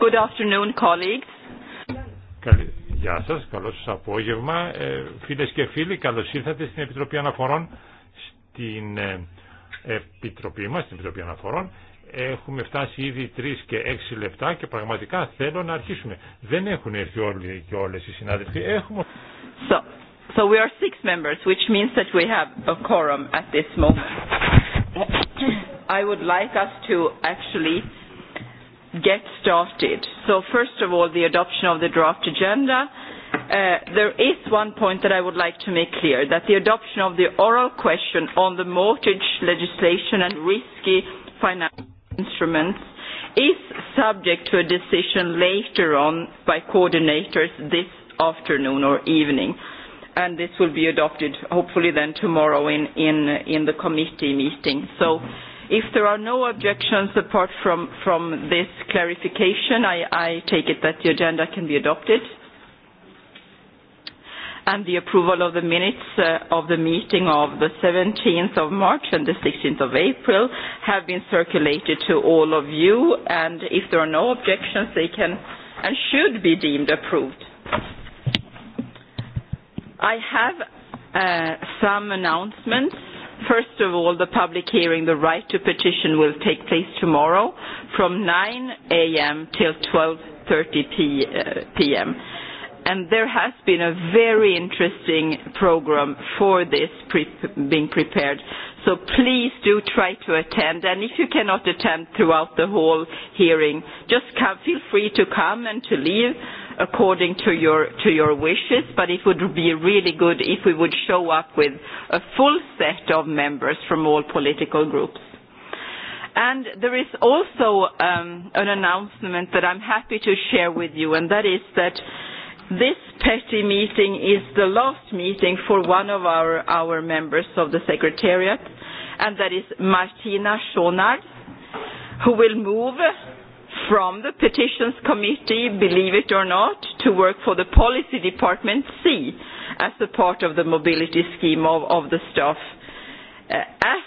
Good afternoon, colleagues. Γεια σας, καλό σας απόγευμα. Ε, φίλες και φίλοι, καλώς ήρθατε στην Επιτροπή Αναφορών, στην Επιτροπή μας, στην Επιτροπή Αναφορών. Έχουμε φτάσει ήδη 3 και 6 λεπτά και πραγματικά θέλω να αρχίσουμε. Δεν έχουν έρθει όλοι και όλες οι συνάδελφοι. Έχουμε... So, so we are six members, which means that we have a quorum at this moment. I would like us to actually get started. So first of all, the adoption of the draft agenda. Uh, there is one point that I would like to make clear, that the adoption of the oral question on the mortgage legislation and risky financial instruments is subject to a decision later on by coordinators this afternoon or evening. And this will be adopted hopefully then tomorrow in, in, in the committee meeting. So If there are no objections apart from, from this clarification, I, I take it that the agenda can be adopted. And the approval of the minutes uh, of the meeting of the 17th of March and the 16th of April have been circulated to all of you, and if there are no objections, they can and should be deemed approved. I have uh, some announcements First of all, the public hearing, the right to petition, will take place tomorrow from 9 a.m. till 12.30 p.m. And there has been a very interesting program for this pre- being prepared So please do try to attend. And if you cannot attend throughout the whole hearing, just come, feel free to come and to leave according to your, to your wishes. But it would be really good if we would show up with a full set of members from all political groups. And there is also um, an announcement that I'm happy to share with you, and that is that This petty meeting is the last meeting for one of our, our members of the Secretariat, and that is Martina Schonard, who will move from the Petitions Committee, believe it or not, to work for the Policy Department C as a part of the mobility scheme of, of the staff. Uh, as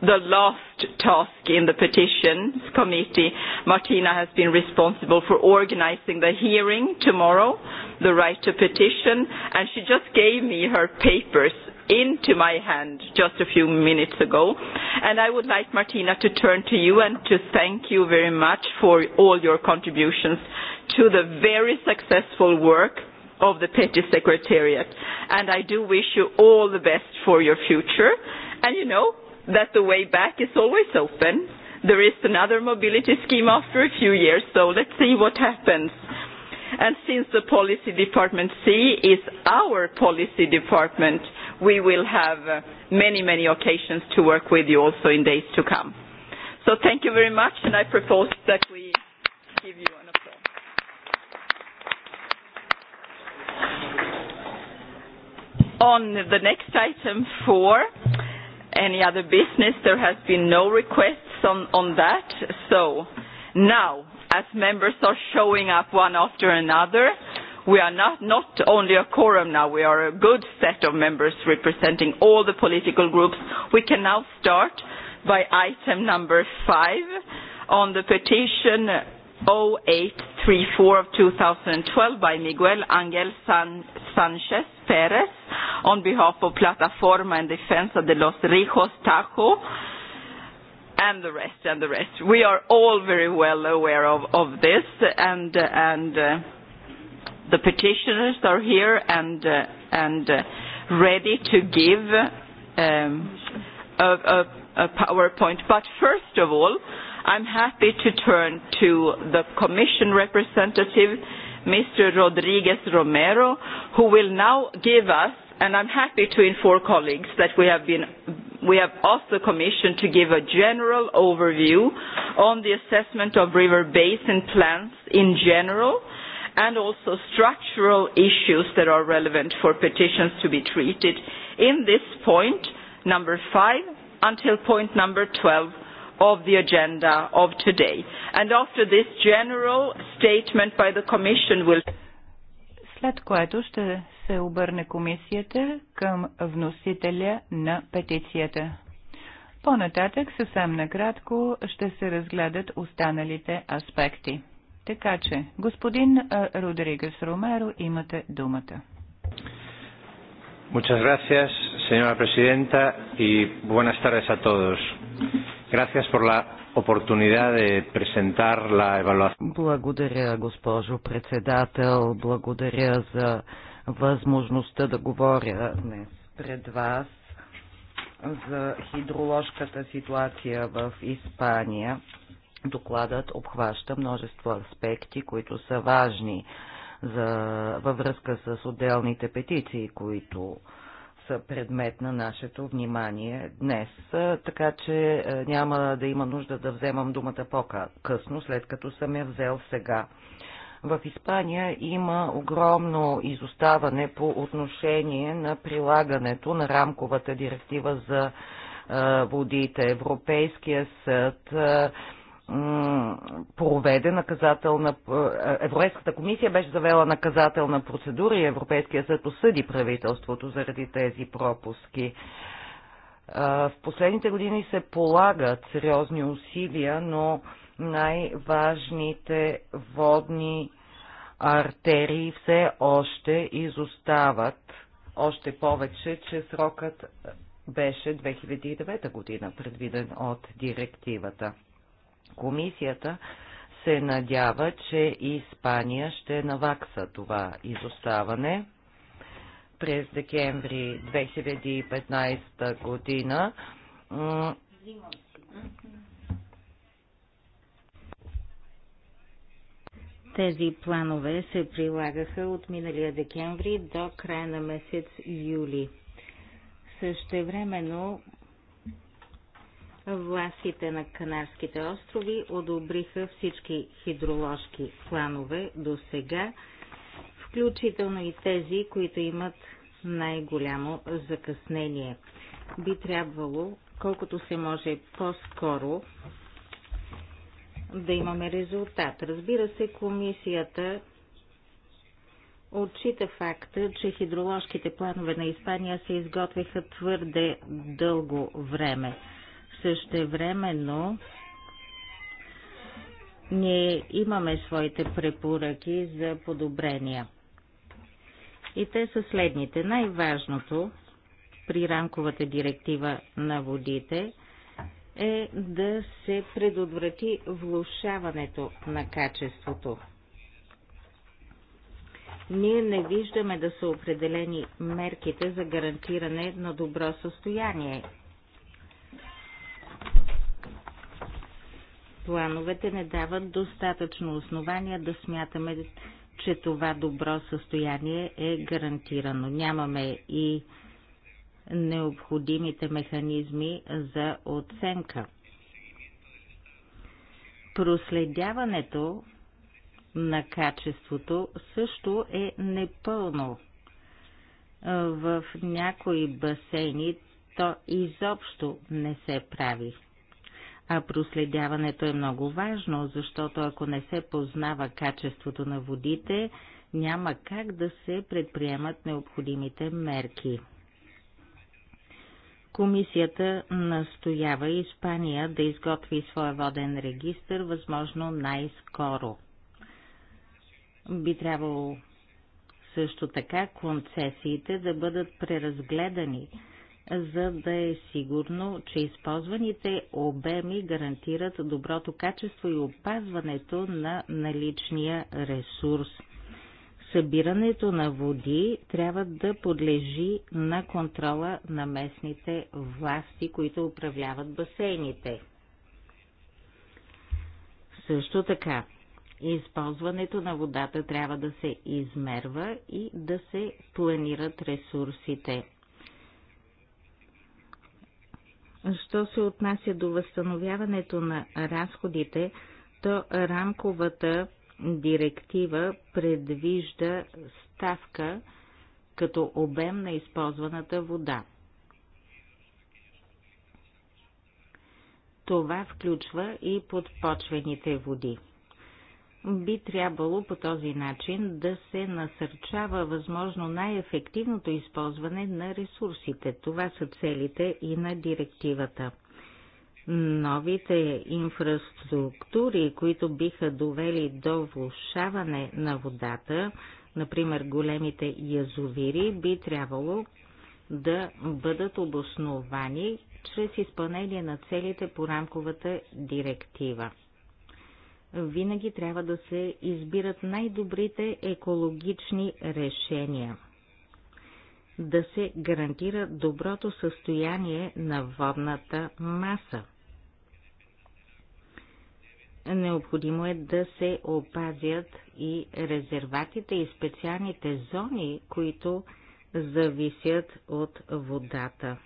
the last task in the petitions committee. Martina has been responsible for organizing the hearing tomorrow, the right to petition, and she just gave me her papers into my hand just a few minutes ago. And I would like, Martina, to turn to you and to thank you very much for all your contributions to the very successful work of the Petty Secretariat. And I do wish you all the best for your future. And you know, that the way back is always open. There is another mobility scheme after a few years, so let's see what happens. And since the policy department C is our policy department, we will have many, many occasions to work with you also in days to come. So thank you very much, and I propose that we give you an applause. On the next item, four, any other business. There has been no requests on on that. So Now, as members are showing up one after another, we are not not only a quorum now, we are a good set of members representing all the political groups. We can now start by item number five on the petition 0834 of 2012 by Miguel Angel San Sanchez Perez on behalf of Plataforma Defense of the los Rijos Tajo and the rest and the rest. We are all very well aware of, of this and, and uh, the petitioners are here and, uh, and uh, ready to give um, a, a, a PowerPoint. But first of all, uh, I'm happy to turn to the Commission representative, Mr. Rodriguez Romero, who will now give us, and I'm happy to inform colleagues that we have been we have asked the Commission to give a general overview on the assessment of river basin plans in general and also structural issues that are relevant for petitions to be treated in this point number five until point number twelve of the agenda of today. And after this general statement by the Commission will... След което ще се обърне комисията към вносителя на петицията. По-нататък съвсем накратко ще се разгледат останалите аспекти. Така че, господин Родригес Ромеро, имате думата. Muchas gracias, señora presidenta, y buenas tardes a todos. Gracias por la oportunidad de presentar la evaluación. Благодаря, госпожо председател. Благодаря за възможността да говоря днес пред вас за хидроложката ситуация в Испания. Докладът обхваща множество аспекти, които са важни за, във връзка с отделните петиции, които са предмет на нашето внимание днес, така че няма да има нужда да вземам думата по-късно, след като съм я взел сега. В Испания има огромно изоставане по отношение на прилагането на рамковата директива за водите. Европейския съд проведе наказателна... Е, Европейската комисия беше завела наказателна процедура и Европейския съд осъди правителството заради тези пропуски. Е, в последните години се полагат сериозни усилия, но най-важните водни артерии все още изостават. Още повече, че срокът беше 2009 година, предвиден от директивата. Комисията се надява, че Испания ще навакса това изоставане. През декември 2015 година Тези планове се прилагаха от миналия декември до края на месец юли. Също времено. Властите на Канарските острови одобриха всички хидроложки планове до сега, включително и тези, които имат най-голямо закъснение. Би трябвало, колкото се може по-скоро, да имаме резултат. Разбира се, комисията отчита факта, че хидроложките планове на Испания се изготвиха твърде дълго време. Същевременно ние имаме своите препоръки за подобрения. И те са следните. Най-важното при рамковата директива на водите е да се предотврати влушаването на качеството. Ние не виждаме да са определени мерките за гарантиране на добро състояние плановете не дават достатъчно основания да смятаме, че това добро състояние е гарантирано. Нямаме и необходимите механизми за оценка. Проследяването на качеството също е непълно. В някои басейни то изобщо не се прави. А проследяването е много важно, защото ако не се познава качеството на водите, няма как да се предприемат необходимите мерки. Комисията настоява Испания да изготви своя воден регистр, възможно най-скоро. Би трябвало също така концесиите да бъдат преразгледани за да е сигурно, че използваните обеми гарантират доброто качество и опазването на наличния ресурс. Събирането на води трябва да подлежи на контрола на местните власти, които управляват басейните. Също така, използването на водата трябва да се измерва и да се планират ресурсите. Що се отнася до възстановяването на разходите, то рамковата директива предвижда ставка като обем на използваната вода. Това включва и подпочвените води би трябвало по този начин да се насърчава възможно най-ефективното използване на ресурсите. Това са целите и на директивата. Новите инфраструктури, които биха довели до влушаване на водата, например големите язовири, би трябвало да бъдат обосновани чрез изпълнение на целите по рамковата директива винаги трябва да се избират най-добрите екологични решения. Да се гарантира доброто състояние на водната маса. Необходимо е да се опазят и резерватите и специалните зони, които зависят от водата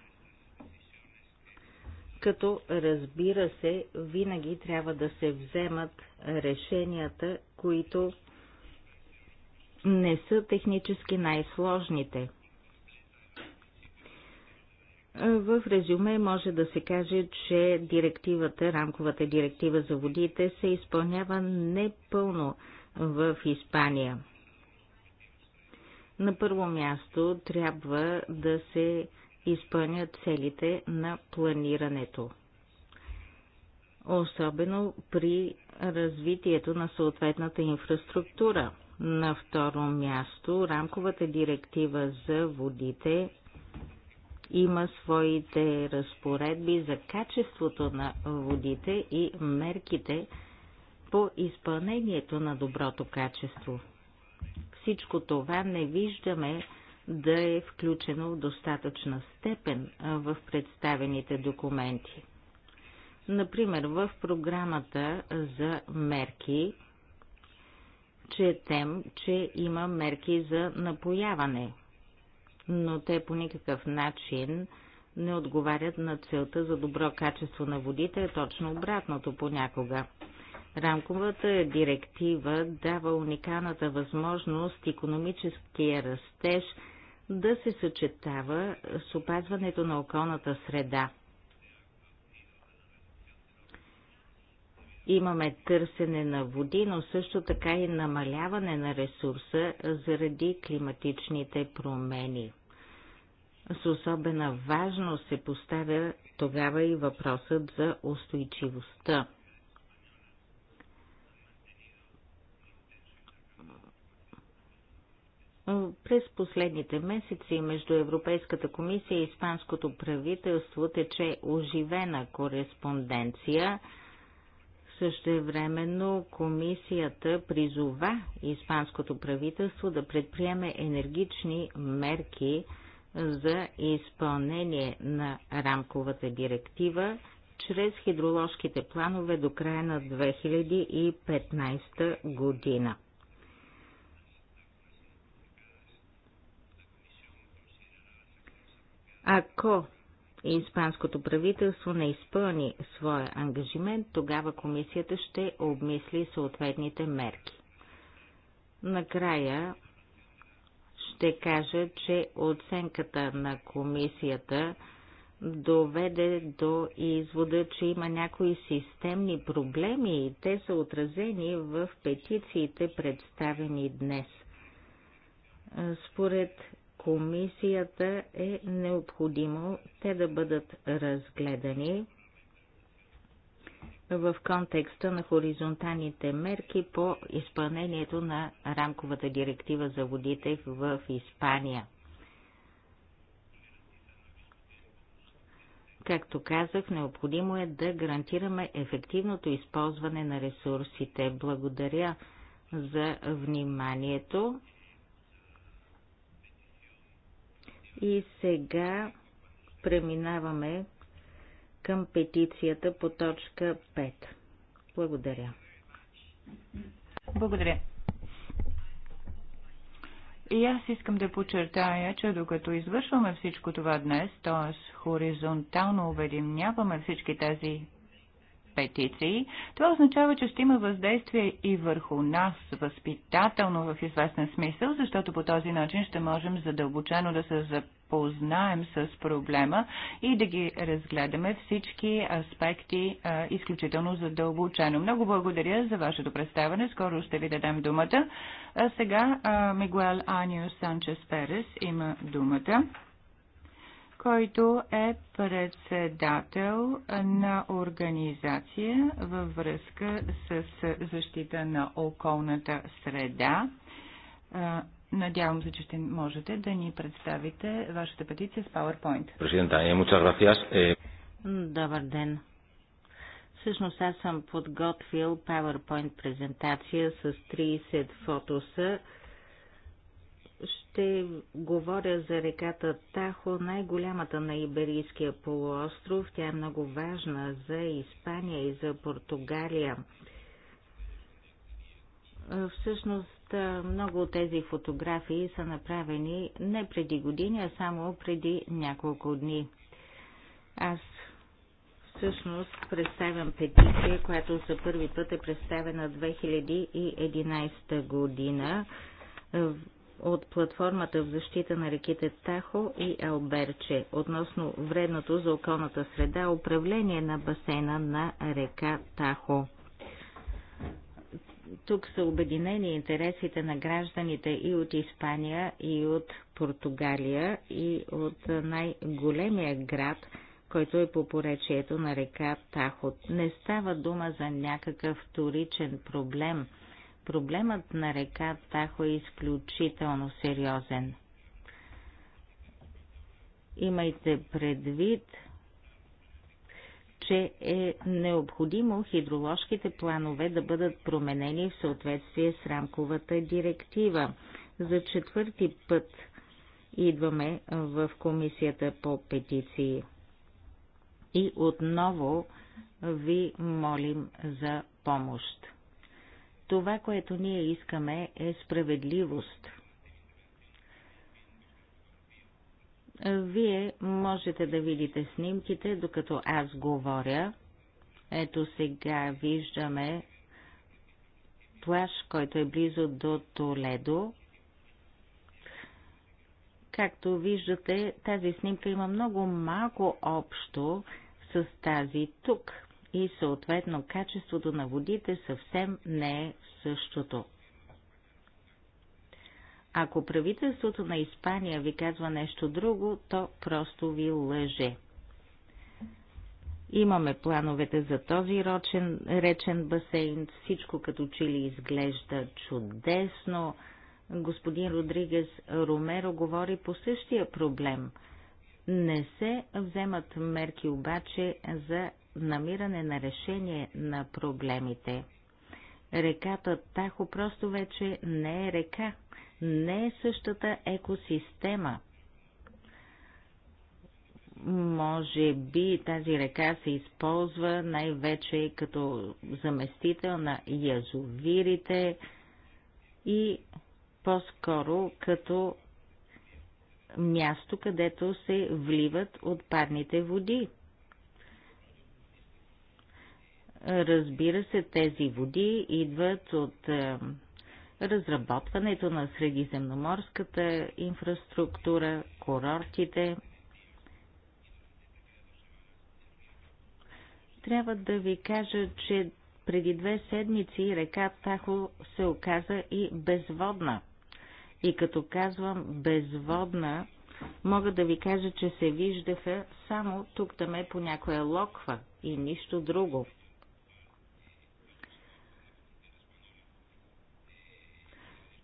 като разбира се, винаги трябва да се вземат решенията, които не са технически най-сложните. В резюме може да се каже, че директивата, рамковата директива за водите се изпълнява непълно в Испания. На първо място трябва да се Изпълня целите на планирането. Особено при развитието на съответната инфраструктура. На второ място, рамковата директива за водите има своите разпоредби за качеството на водите и мерките по изпълнението на доброто качество. Всичко това не виждаме да е включено в достатъчна степен в представените документи. Например, в програмата за мерки четем, че има мерки за напояване, но те по никакъв начин не отговарят на целта за добро качество на водите, е точно обратното понякога. Рамковата директива дава уникалната възможност економическия растеж да се съчетава с опазването на околната среда. Имаме търсене на води, но също така и намаляване на ресурса заради климатичните промени. С особена важност се поставя тогава и въпросът за устойчивостта. През последните месеци между Европейската комисия и Испанското правителство тече оживена кореспонденция. Същевременно комисията призова Испанското правителство да предприеме енергични мерки за изпълнение на рамковата директива чрез хидроложките планове до края на 2015 година. Ако испанското правителство не изпълни своя ангажимент, тогава комисията ще обмисли съответните мерки. Накрая ще кажа, че оценката на комисията доведе до извода, че има някои системни проблеми и те са отразени в петициите, представени днес. Според комисията е необходимо те да бъдат разгледани в контекста на хоризонталните мерки по изпълнението на рамковата директива за водите в Испания. Както казах, необходимо е да гарантираме ефективното използване на ресурсите. Благодаря за вниманието. И сега преминаваме към петицията по точка 5. Благодаря. Благодаря. И аз искам да подчертая, че докато извършваме всичко това днес, т.е. хоризонтално обединяваме всички тези петиции, това означава, че ще има въздействие и върху нас, възпитателно в известен смисъл, защото по този начин ще можем задълбочено да се запознаем с проблема и да ги разгледаме всички аспекти а, изключително задълбочено. Много благодаря за вашето представане. Скоро ще ви дадем думата. А сега а, Мигуел Анио Санчес Перес има думата който е председател на организация във връзка с защита на околната среда. Надявам се, че ще можете да ни представите вашата петиция с PowerPoint. Президента, е, muchas gracias. Добър ден. Всъщност аз съм подготвил PowerPoint презентация с 30 фотоса, ще говоря за реката Тахо, най-голямата на Иберийския полуостров. Тя е много важна за Испания и за Португалия. Всъщност, много от тези фотографии са направени не преди години, а само преди няколко дни. Аз всъщност представям петиция, която за първи път е представена 2011 година от платформата в защита на реките Тахо и Алберче относно вредното за околната среда управление на басейна на река Тахо. Тук са обединени интересите на гражданите и от Испания, и от Португалия, и от най-големия град, който е по поречието на река Тахот. Не става дума за някакъв вторичен проблем – Проблемът на река Тахо е изключително сериозен. Имайте предвид, че е необходимо хидроложките планове да бъдат променени в съответствие с рамковата директива. За четвърти път идваме в комисията по петиции. И отново ви молим за помощ. Това, което ние искаме е справедливост. Вие можете да видите снимките, докато аз говоря. Ето сега виждаме плаш, който е близо до Толедо. Както виждате, тази снимка има много малко общо с тази тук и съответно качеството на водите съвсем не е същото. Ако правителството на Испания ви казва нещо друго, то просто ви лъже. Имаме плановете за този рочен, речен басейн, всичко като че ли изглежда чудесно. Господин Родригес Ромеро говори по същия проблем. Не се вземат мерки обаче за намиране на решение на проблемите. Реката Тахо просто вече не е река, не е същата екосистема. Може би тази река се използва най-вече като заместител на язовирите и по-скоро като място, където се вливат отпадните води. Разбира се, тези води идват от е, разработването на средиземноморската инфраструктура, курортите. Трябва да ви кажа, че преди две седмици река Тахо се оказа и безводна. И като казвам безводна, мога да ви кажа, че се виждаха само тук-таме по някоя локва и нищо друго.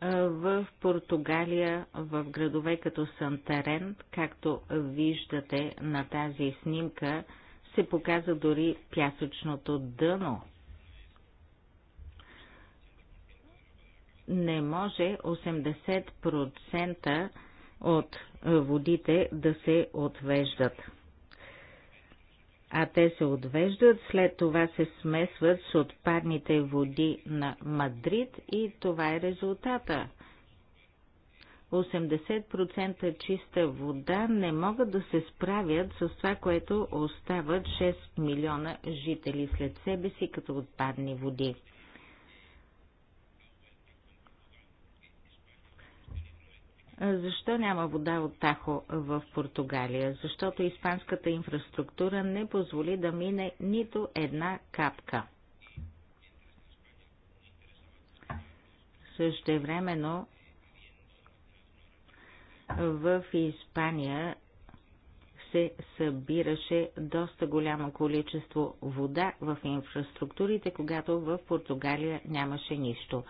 в Португалия, в градове като Сантарен, както виждате на тази снимка, се показа дори пясъчното дъно. Не може 80% от водите да се отвеждат а те се отвеждат, след това се смесват с отпадните води на Мадрид и това е резултата. 80% чиста вода не могат да се справят с това, което остават 6 милиона жители след себе си като отпадни води. Защо няма вода от Тахо в Португалия? Защото испанската инфраструктура не позволи да мине нито една капка. Същевременно в Испания се събираше доста голямо количество вода в инфраструктурите, когато в Португалия нямаше нищо.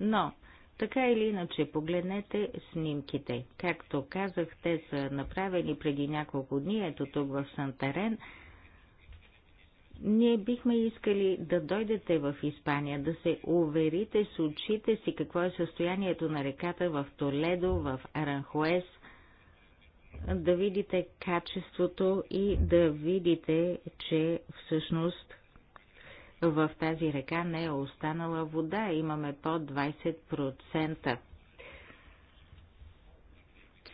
Но така или иначе, погледнете снимките. Както казах, те са направени преди няколко дни, ето тук в Сантарен. Ние бихме искали да дойдете в Испания, да се уверите с очите си какво е състоянието на реката в Толедо, в Аранхуес, да видите качеството и да видите, че всъщност в тази река не е останала вода. Имаме под 20%.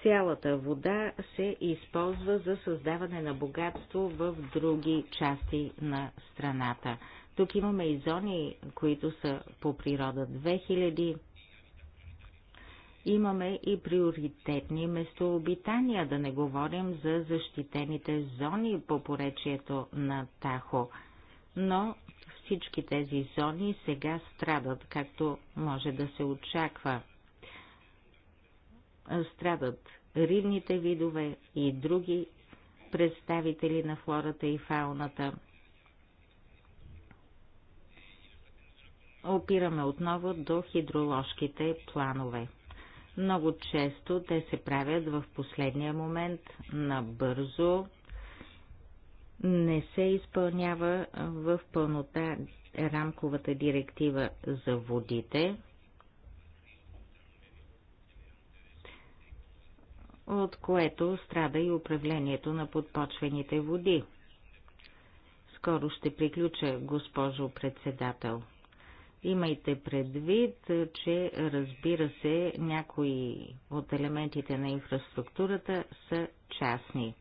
Цялата вода се използва за създаване на богатство в други части на страната. Тук имаме и зони, които са по природа 2000. Имаме и приоритетни местообитания, да не говорим за защитените зони по поречието на Тахо. Но всички тези зони сега страдат, както може да се очаква. Страдат рибните видове и други представители на флората и фауната. Опираме отново до хидроложките планове. Много често те се правят в последния момент, на бързо не се изпълнява в пълнота рамковата директива за водите, от което страда и управлението на подпочвените води. Скоро ще приключа, госпожо председател. Имайте предвид, че разбира се, някои от елементите на инфраструктурата са частни.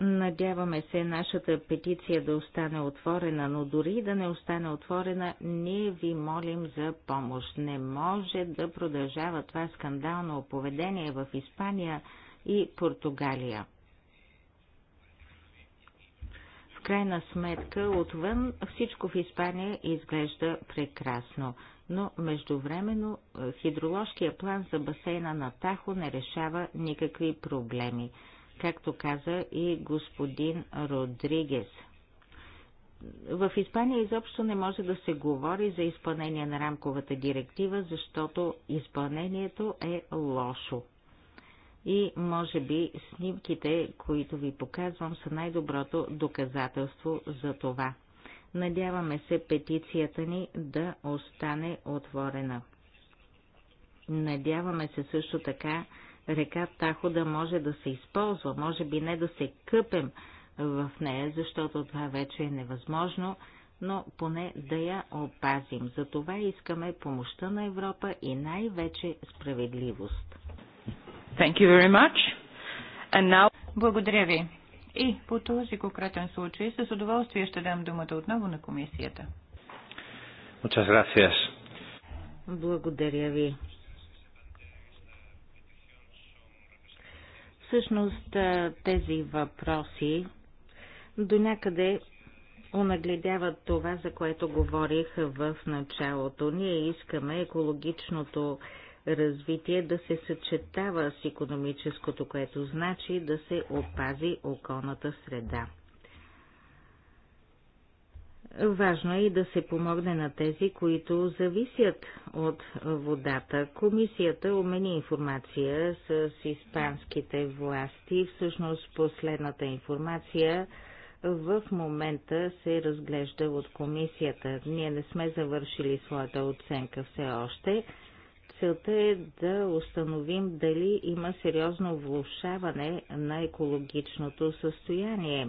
Надяваме се нашата петиция да остане отворена, но дори да не остане отворена, ние ви молим за помощ. Не може да продължава това скандално поведение в Испания и Португалия. В крайна сметка, отвън всичко в Испания изглежда прекрасно, но междувременно е, хидроложкия план за басейна на Тахо не решава никакви проблеми както каза и господин Родригес. В Испания изобщо не може да се говори за изпълнение на рамковата директива, защото изпълнението е лошо. И може би снимките, които ви показвам, са най-доброто доказателство за това. Надяваме се петицията ни да остане отворена. Надяваме се също така река Тахо да може да се използва, може би не да се къпем в нея, защото това вече е невъзможно, но поне да я опазим. За това искаме помощта на Европа и най-вече справедливост. Thank you very much. And now... Благодаря ви. И по този конкретен случай с удоволствие ще дам думата отново на комисията. Muchas gracias. Благодаря ви. Всъщност тези въпроси до някъде онагледяват това, за което говорих в началото. Ние искаме екологичното развитие да се съчетава с економическото, което значи да се опази околната среда. Важно е и да се помогне на тези, които зависят от водата. Комисията умени информация с испанските власти. Всъщност последната информация в момента се разглежда от комисията. Ние не сме завършили своята оценка все още. Целта е да установим дали има сериозно влушаване на екологичното състояние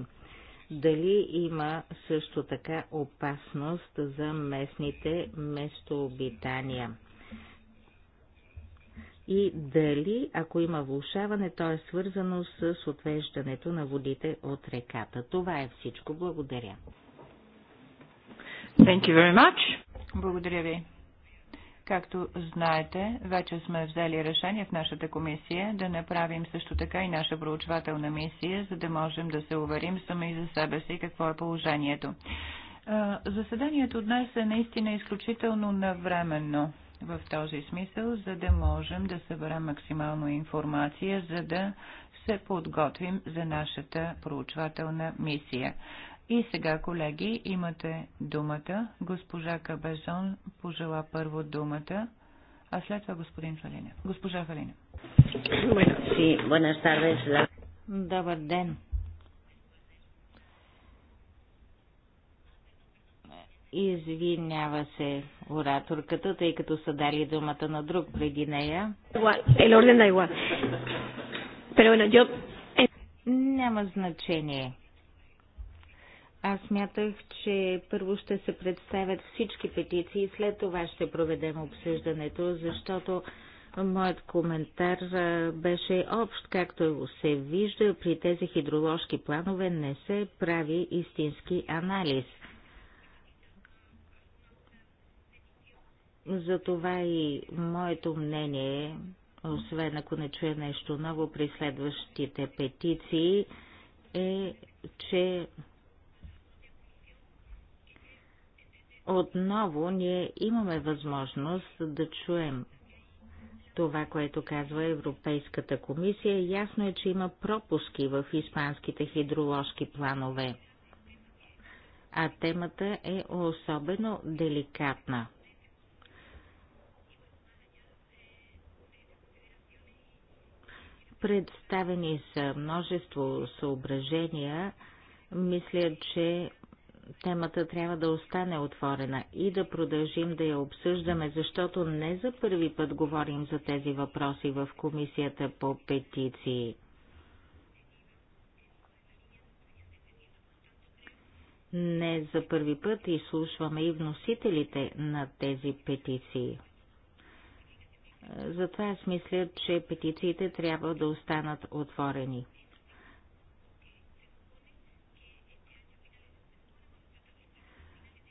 дали има също така опасност за местните местообитания. И дали, ако има влушаване, то е свързано с отвеждането на водите от реката. Това е всичко. Благодаря. Thank you very much. Благодаря ви. Както знаете, вече сме взели решение в нашата комисия да направим също така и наша проучвателна мисия, за да можем да се уверим сами за себе си какво е положението. Заседанието днес е наистина изключително навременно в този смисъл, за да можем да съберем максимално информация, за да се подготвим за нашата проучвателна мисия. И сега, колеги, имате думата. Госпожа Кабезон пожела първо думата, а след това господин Фалине. Госпожа Фалине. Добър ден. Извинява се ораторката, тъй като са дали думата на друг преди нея. Няма значение. Аз мятах, че първо ще се представят всички петиции и след това ще проведем обсъждането, защото моят коментар беше общ, както се вижда, при тези хидроложки планове не се прави истински анализ. Затова и моето мнение, освен ако не чуя нещо ново при следващите петиции, е, че Отново ние имаме възможност да чуем това, което казва Европейската комисия. Ясно е, че има пропуски в испанските хидроложки планове. А темата е особено деликатна. Представени са множество съображения. Мисля, че темата трябва да остане отворена и да продължим да я обсъждаме, защото не за първи път говорим за тези въпроси в Комисията по петиции. Не за първи път изслушваме и вносителите на тези петиции. Затова аз мисля, че петициите трябва да останат отворени.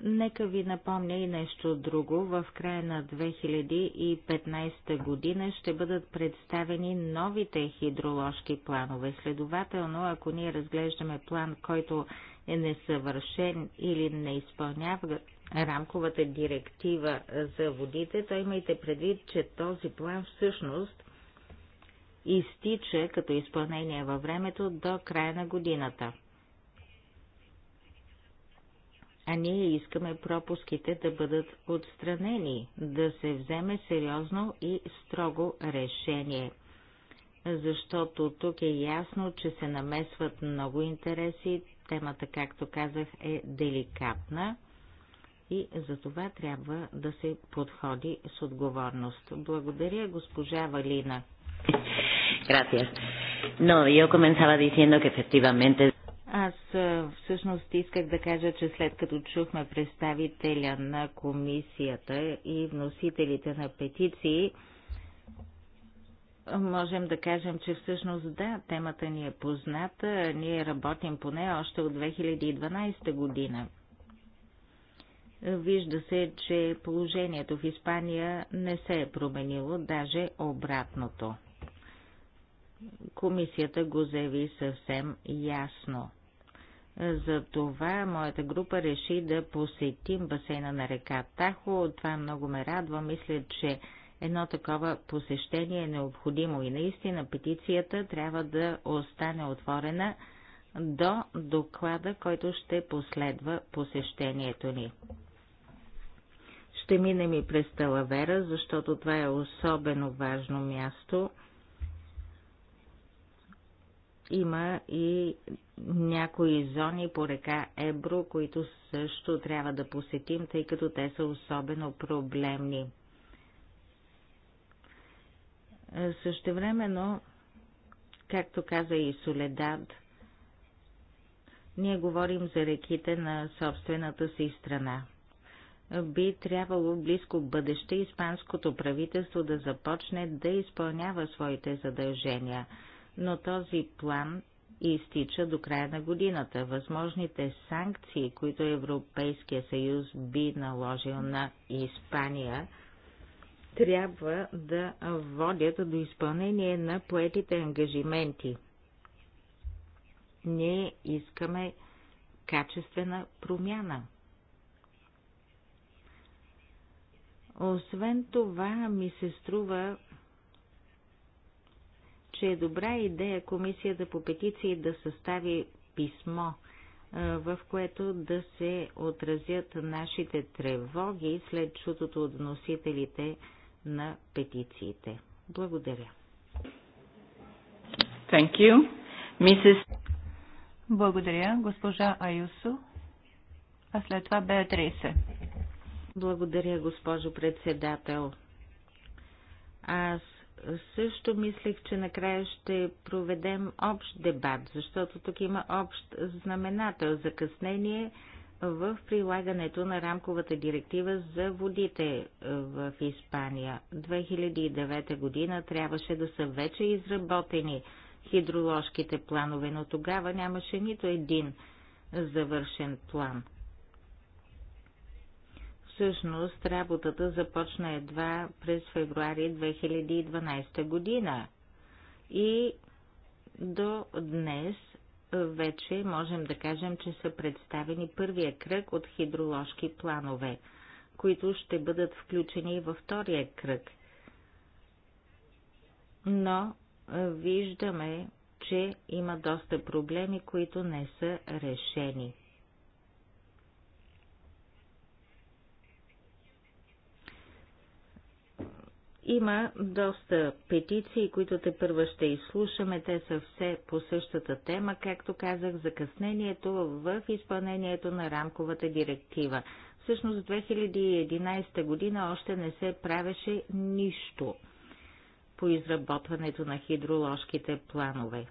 Нека ви напомня и нещо друго. В края на 2015 година ще бъдат представени новите хидроложки планове. Следователно, ако ние разглеждаме план, който е несъвършен или не изпълнява рамковата директива за водите, то имайте предвид, че този план всъщност изтича като изпълнение във времето до края на годината а ние искаме пропуските да бъдат отстранени, да се вземе сериозно и строго решение. Защото тук е ясно, че се намесват много интереси, темата, както казах, е деликатна и за това трябва да се подходи с отговорност. Благодаря, госпожа Валина. Gracias. No, yo comenzaba diciendo que efectivamente аз всъщност исках да кажа, че след като чухме представителя на комисията и вносителите на петиции, можем да кажем, че всъщност да, темата ни е позната, ние работим по нея още от 2012 година. Вижда се, че положението в Испания не се е променило, даже обратното. Комисията го заяви съвсем ясно. За това моята група реши да посетим басейна на река Тахо. Това много ме радва. Мисля, че едно такова посещение е необходимо и наистина петицията трябва да остане отворена до доклада, който ще последва посещението ни. Ще минем и през Талавера, защото това е особено важно място – има и някои зони по река Ебро, които също трябва да посетим, тъй като те са особено проблемни. Същевременно, както каза и Соледад, ние говорим за реките на собствената си страна. Би трябвало в близко бъдеще испанското правителство да започне да изпълнява своите задължения – но този план изтича до края на годината. Възможните санкции, които Европейския съюз би наложил на Испания, трябва да водят до изпълнение на поетите ангажименти. Ние искаме качествена промяна. Освен това ми се струва, че е добра идея комисията по петиции да състави писмо, в което да се отразят нашите тревоги след чутото от носителите на петициите. Благодаря. Thank you. Mrs. Благодаря, госпожа Аюсо. А след това Беатрисе. Благодаря, госпожо председател. Аз също мислех, че накрая ще проведем общ дебат, защото тук има общ знаменател закъснение в прилагането на рамковата директива за водите в Испания. 2009 година трябваше да са вече изработени хидроложките планове, но тогава нямаше нито един завършен план – Всъщност работата започна едва през февруари 2012 година и до днес вече можем да кажем, че са представени първия кръг от хидроложки планове, които ще бъдат включени и във втория кръг. Но виждаме, че има доста проблеми, които не са решени. Има доста петиции, които те първа ще изслушаме. Те са все по същата тема, както казах, закъснението в изпълнението на рамковата директива. Всъщност 2011 година още не се правеше нищо по изработването на хидроложките планове.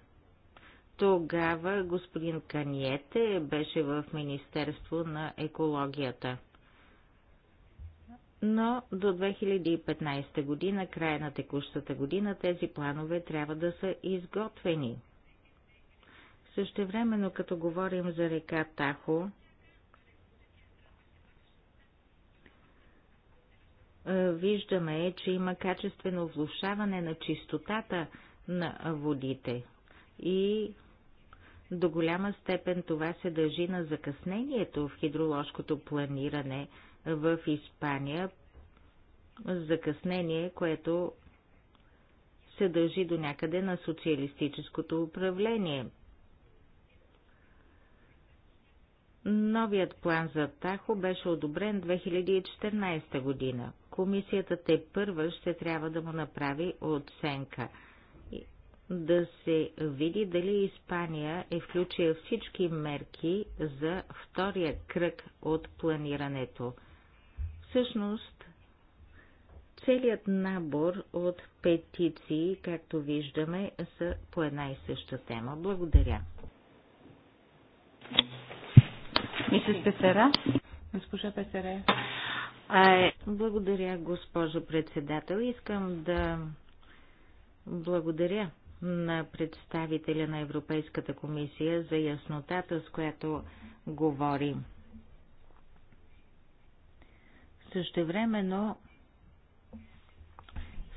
Тогава господин Каниете беше в Министерство на екологията – но до 2015 година, края на текущата година, тези планове трябва да са изготвени. Същевременно, като говорим за река Тахо, е, виждаме, че има качествено влушаване на чистотата на водите и до голяма степен това се дължи на закъснението в хидроложкото планиране в Испания. Закъснение, което се дължи до някъде на социалистическото управление. Новият план за Тахо беше одобрен 2014 година. Комисията те първа ще трябва да му направи оценка. Да се види дали Испания е включила всички мерки за втория кръг от планирането – Всъщност, целият набор от петиции, както виждаме, са по една и съща тема. Благодаря. Мисъс Песера. Госпожа Песере. Благодаря, госпожо председател. Искам да благодаря на представителя на Европейската комисия за яснотата, с която говорим. Същевременно,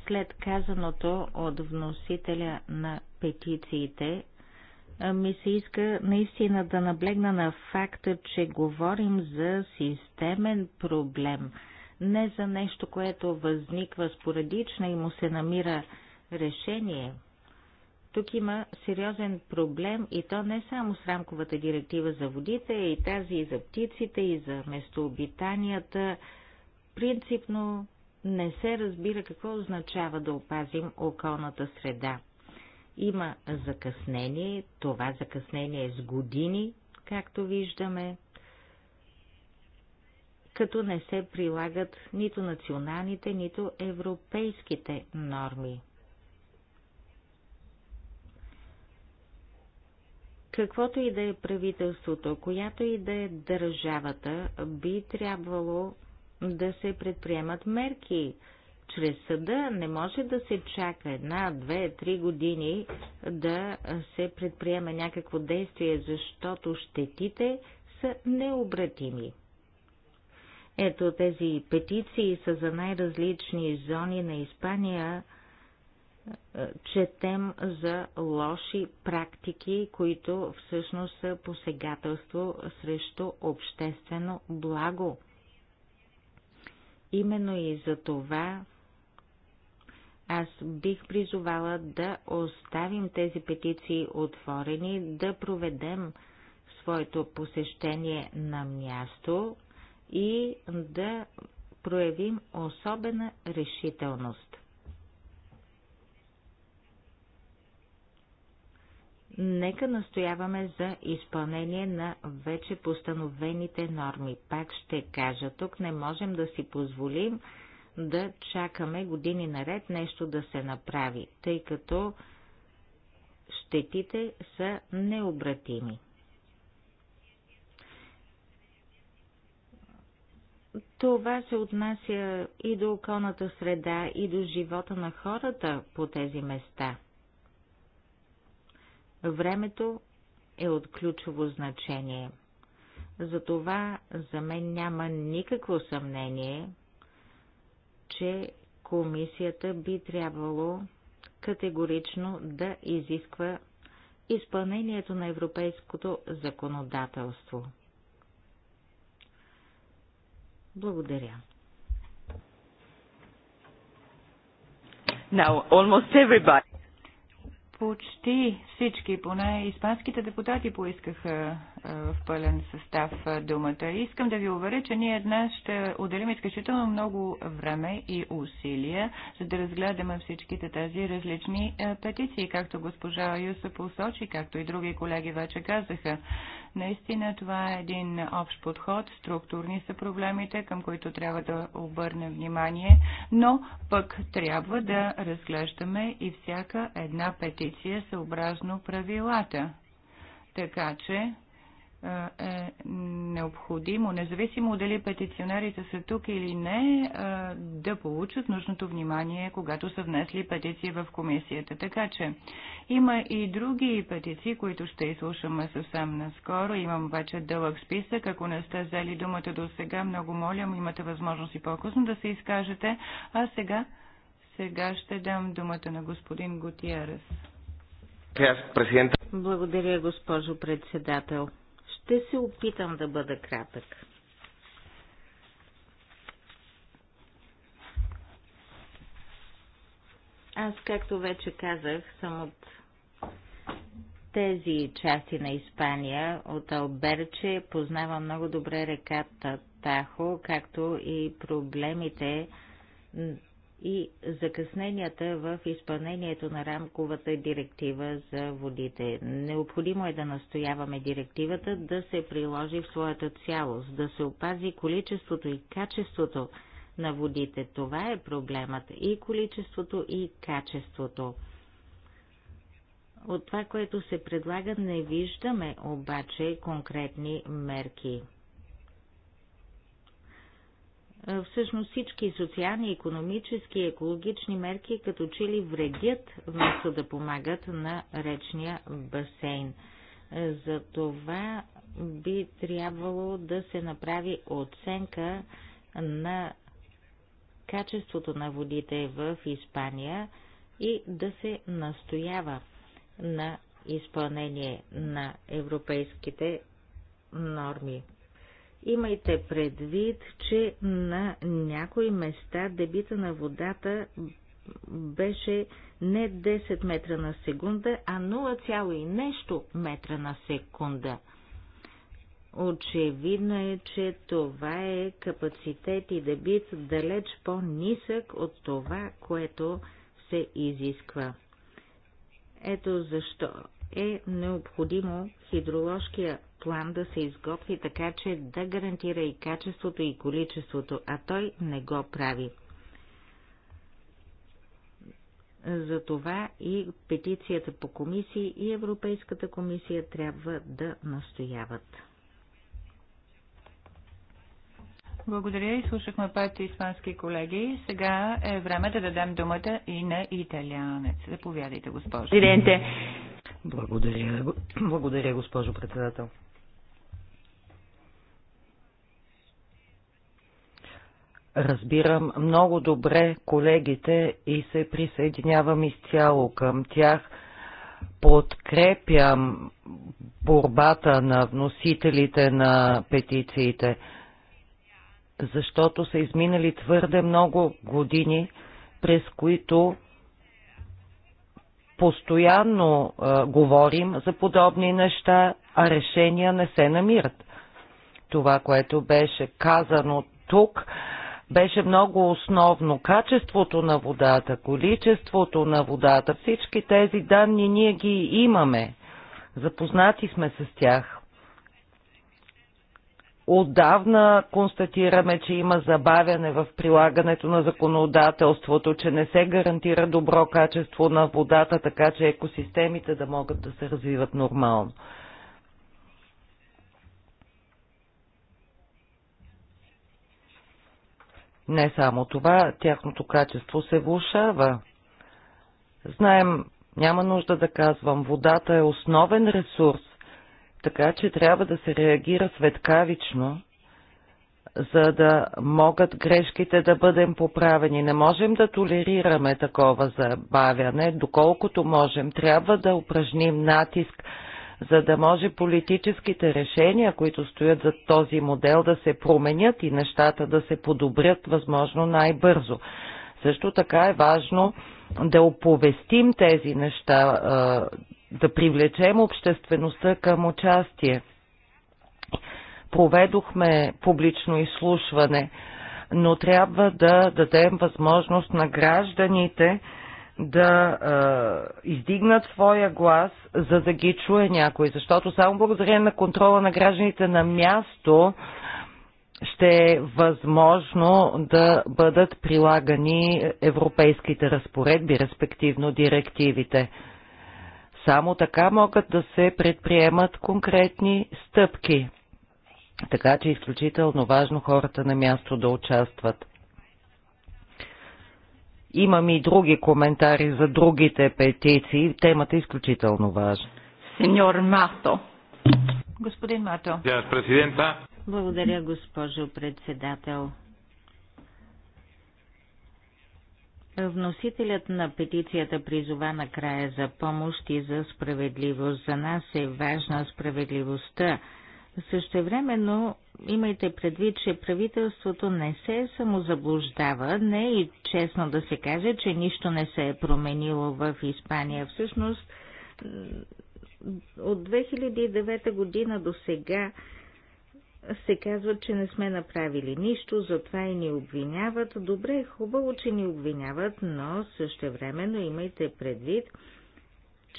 след казаното от вносителя на петициите, ми се иска наистина да наблегна на факта, че говорим за системен проблем, не за нещо, което възниква споредично и му се намира решение. Тук има сериозен проблем и то не само с рамковата директива за водите, и тази и за птиците, и за местообитанията, принципно не се разбира какво означава да опазим околната среда. Има закъснение, това закъснение е с години, както виждаме, като не се прилагат нито националните, нито европейските норми. Каквото и да е правителството, която и да е държавата, би трябвало да се предприемат мерки. Чрез съда не може да се чака една, две, три години да се предприеме някакво действие, защото щетите са необратими. Ето тези петиции са за най-различни зони на Испания. Четем за лоши практики, които всъщност са посегателство срещу обществено благо. Именно и за това аз бих призовала да оставим тези петиции отворени, да проведем своето посещение на място и да проявим особена решителност. нека настояваме за изпълнение на вече постановените норми. Пак ще кажа, тук не можем да си позволим да чакаме години наред нещо да се направи, тъй като щетите са необратими. Това се отнася и до околната среда, и до живота на хората по тези места – Времето е от ключово значение. Затова за мен няма никакво съмнение, че комисията би трябвало категорично да изисква изпълнението на европейското законодателство. Благодаря. Now, almost everybody почти всички, поне испанските депутати поискаха е, в пълен състав е, думата. Искам да ви уверя, че ние днес ще отделим изключително много време и усилия, за да разгледаме всичките тези различни е, петиции, както госпожа Юса посочи, както и други колеги вече казаха. Наистина това е един общ подход, структурни са проблемите, към които трябва да обърнем внимание, но пък трябва да разглеждаме и всяка една петиция съобразно правилата. Така че е необходимо, независимо дали петиционерите са тук или не, да получат нужното внимание, когато са внесли петиции в комисията. Така че има и други петиции, които ще изслушаме съвсем наскоро. Имам вече дълъг списък. Ако не сте взели думата до сега, много моля, имате възможност и по-късно да се изкажете. А сега, сега ще дам думата на господин Готиерес. Благодаря, госпожо председател. Ще се опитам да бъда кратък. Аз, както вече казах, съм от тези части на Испания, от Алберче, познавам много добре реката Тахо, както и проблемите и закъсненията в изпълнението на рамковата директива за водите. Необходимо е да настояваме директивата да се приложи в своята цялост, да се опази количеството и качеството на водите. Това е проблемът и количеството и качеството. От това, което се предлага, не виждаме обаче конкретни мерки. Е, всъщност всички социални, економически и екологични мерки като че ли вредят, вместо да помагат на речния басейн. Е, за това би трябвало да се направи оценка на качеството на водите в Испания и да се настоява на изпълнение на европейските норми. Имайте предвид, че на някои места дебита на водата беше не 10 метра на секунда, а 0, и нещо метра на секунда. Очевидно е, че това е капацитет и дебит далеч по-нисък от това, което се изисква. Ето защо е необходимо хидроложкия план да се изготви така, че да гарантира и качеството и количеството, а той не го прави. Затова и петицията по комисии и Европейската комисия трябва да настояват. Благодаря и слушахме пет испански колеги. Сега е време да дадем думата и на италианец. Заповядайте, госпожо. Благодаря, благодаря госпожо председател. Разбирам много добре колегите и се присъединявам изцяло към тях. Подкрепям борбата на вносителите на петициите, защото са изминали твърде много години, през които Постоянно а, говорим за подобни неща, а решения не се намират. Това, което беше казано тук, беше много основно. Качеството на водата, количеството на водата, всички тези данни ние ги имаме. Запознати сме с тях. Отдавна констатираме, че има забавяне в прилагането на законодателството, че не се гарантира добро качество на водата, така че екосистемите да могат да се развиват нормално. Не само това, тяхното качество се влушава. Знаем, няма нужда да казвам, водата е основен ресурс така че трябва да се реагира светкавично, за да могат грешките да бъдем поправени. Не можем да толерираме такова забавяне, доколкото можем. Трябва да упражним натиск, за да може политическите решения, които стоят за този модел, да се променят и нещата да се подобрят възможно най-бързо. Също така е важно да оповестим тези неща да привлечем обществеността към участие. Проведохме публично изслушване, но трябва да дадем възможност на гражданите да е, издигнат своя глас, за да ги чуе някой. Защото само благодарение на контрола на гражданите на място ще е възможно да бъдат прилагани европейските разпоредби, респективно директивите. Само така могат да се предприемат конкретни стъпки. Така че е изключително важно хората на място да участват. Имам и други коментари за другите петиции. Темата е изключително важна. Сеньор Мато. Господин Мато. Благодаря, госпожо председател. Вносителят на петицията призова накрая за помощ и за справедливост. За нас е важна справедливостта. Същевременно имайте предвид, че правителството не се самозаблуждава, не е и честно да се каже, че нищо не се е променило в Испания. Всъщност, от 2009 година до сега се казва, че не сме направили нищо, затова и ни обвиняват. Добре, хубаво, че ни обвиняват, но същевременно имайте предвид,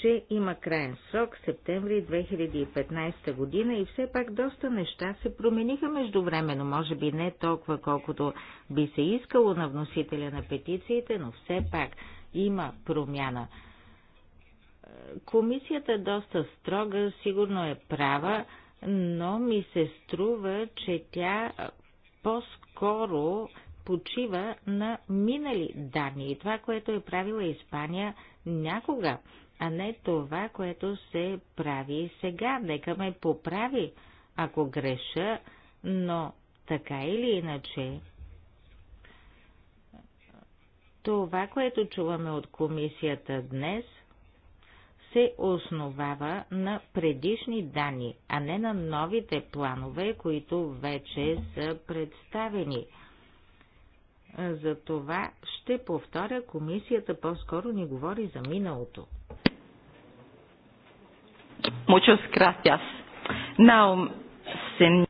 че има крайен срок септември 2015 година и все пак доста неща се промениха междувременно, може би не толкова колкото би се искало на вносителя на петициите, но все пак има промяна. Комисията е доста строга, сигурно е права, но ми се струва, че тя по-скоро почива на минали данни и това, което е правила Испания някога, а не това, което се прави сега. Нека ме поправи, ако греша, но така или иначе, това, което чуваме от комисията днес, се основава на предишни данни, а не на новите планове, които вече са представени. За това ще повторя, комисията по-скоро ни говори за миналото. Muchas gracias. Now, sen...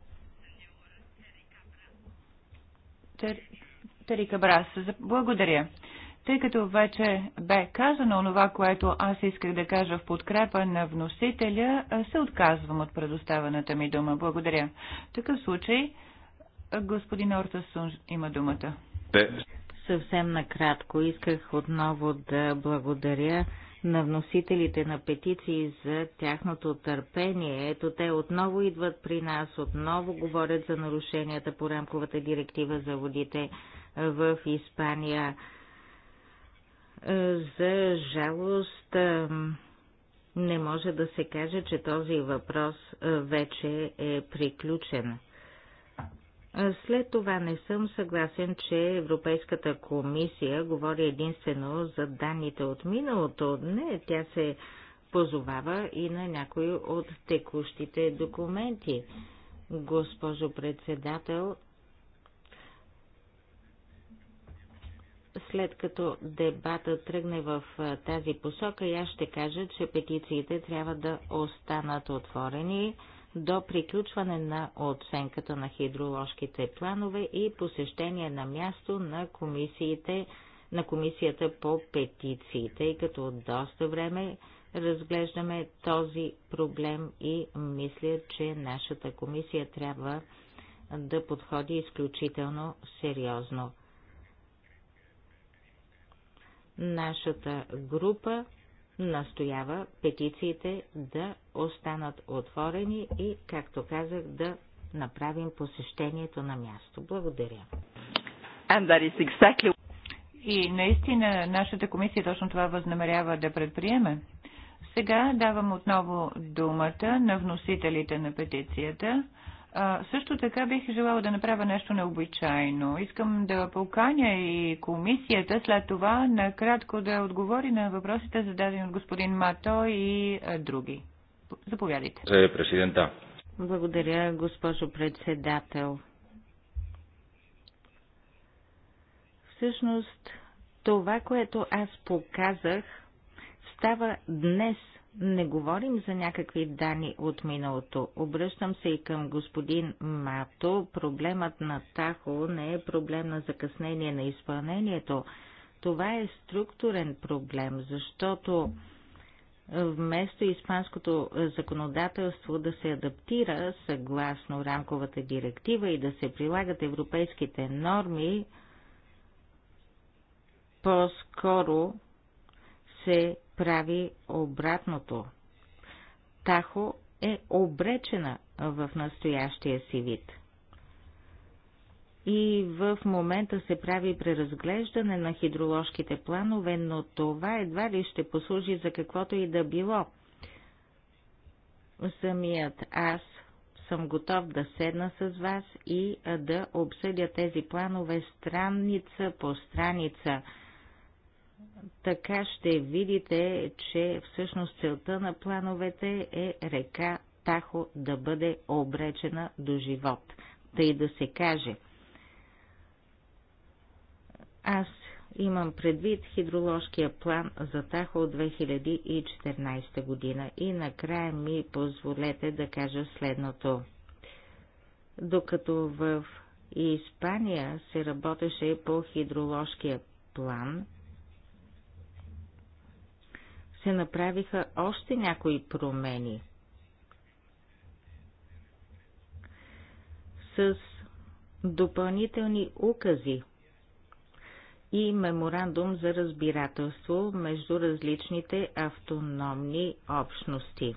Тери Кабрас, благодаря. Тъй като вече бе казано това, което аз исках да кажа в подкрепа на вносителя, се отказвам от предоставената ми дума. Благодаря. В такъв случай, господин Ортасун има думата. Съвсем накратко исках отново да благодаря на вносителите на петиции за тяхното търпение. Ето те отново идват при нас, отново говорят за нарушенията по рамковата директива за водите в Испания. Е, за жалост е, не може да се каже, че този въпрос е, вече е приключен. След това не съм съгласен, че Европейската комисия говори единствено за данните от миналото. Не, тя се позовава и на някои от текущите документи. Госпожо председател, след като дебата тръгне в тази посока, и аз ще кажа, че петициите трябва да останат отворени до приключване на оценката на хидроложките планове и посещение на място на комисиите на комисията по петициите, и като от доста време разглеждаме този проблем и мисля, че нашата комисия трябва да подходи изключително сериозно. Нашата група настоява петициите да останат отворени и, както казах, да направим посещението на място. Благодаря. And that is exactly... И наистина нашата комисия точно това възнамерява да предприеме. Сега давам отново думата на вносителите на петицията. А, също така бих желала да направя нещо необичайно. Искам да поканя и комисията след това накратко да отговори на въпросите, зададени от господин Мато и а, други. Заповядайте. Е, президента. Благодаря, госпожо председател. Всъщност, това, което аз показах, става днес – не говорим за някакви данни от миналото. Обръщам се и към господин Мато. Проблемът на Тахо не е проблем на закъснение на изпълнението. Това е структурен проблем, защото вместо испанското законодателство да се адаптира съгласно рамковата директива и да се прилагат европейските норми, по-скоро се прави обратното. Тахо е обречена в настоящия си вид. И в момента се прави преразглеждане на хидроложките планове, но това едва ли ще послужи за каквото и да било. Самият аз съм готов да седна с вас и да обсъдя тези планове страница по страница. Така ще видите, че всъщност целта на плановете е река Тахо да бъде обречена до живот. Тъй да се каже. Аз имам предвид хидроложкия план за Тахо от 2014 година и накрая ми позволете да кажа следното. Докато в Испания се работеше по хидроложкия план, се направиха още някои промени. С допълнителни укази и меморандум за разбирателство между различните автономни общности.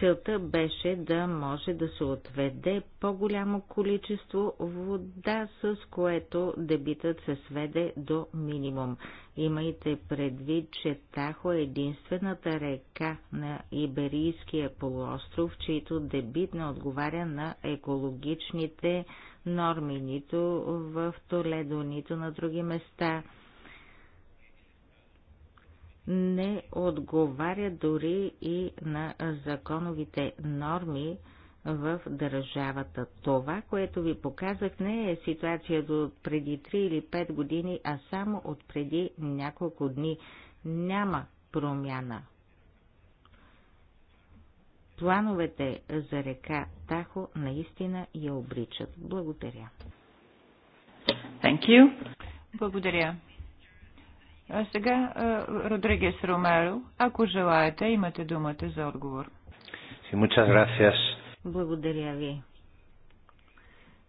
Целта беше да може да се отведе по-голямо количество вода, с което дебитът се сведе до минимум. Имайте предвид, че Тахо е единствената река на Иберийския полуостров, чийто дебит не отговаря на екологичните норми нито в Толедо, нито на други места – не отговаря дори и на законовите норми в държавата. Това, което ви показах, не е ситуация до преди 3 или 5 години, а само от преди няколко дни. Няма промяна. Плановете за река Тахо наистина я обричат. Благодаря. Thank you. Благодаря. А сега Родригес Ромеро, ако желаете, имате думата за отговор. Благодаря ви.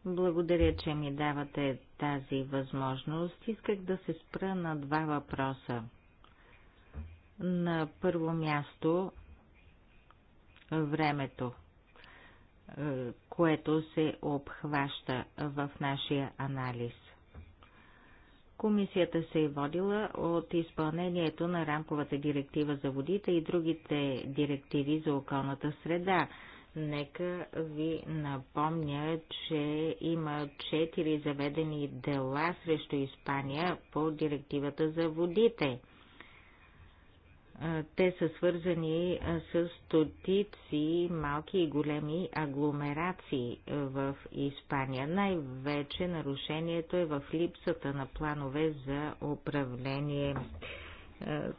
Благодаря, че ми давате тази възможност. Исках да се спра на два въпроса. На първо място времето, е, което се обхваща в нашия анализ. Комисията се е водила от изпълнението на рамковата директива за водите и другите директиви за околната среда. Нека ви напомня, че има 4 заведени дела срещу Испания по директивата за водите. Те са свързани с стотици малки и големи агломерации в Испания. Най-вече нарушението е в липсата на планове за управление,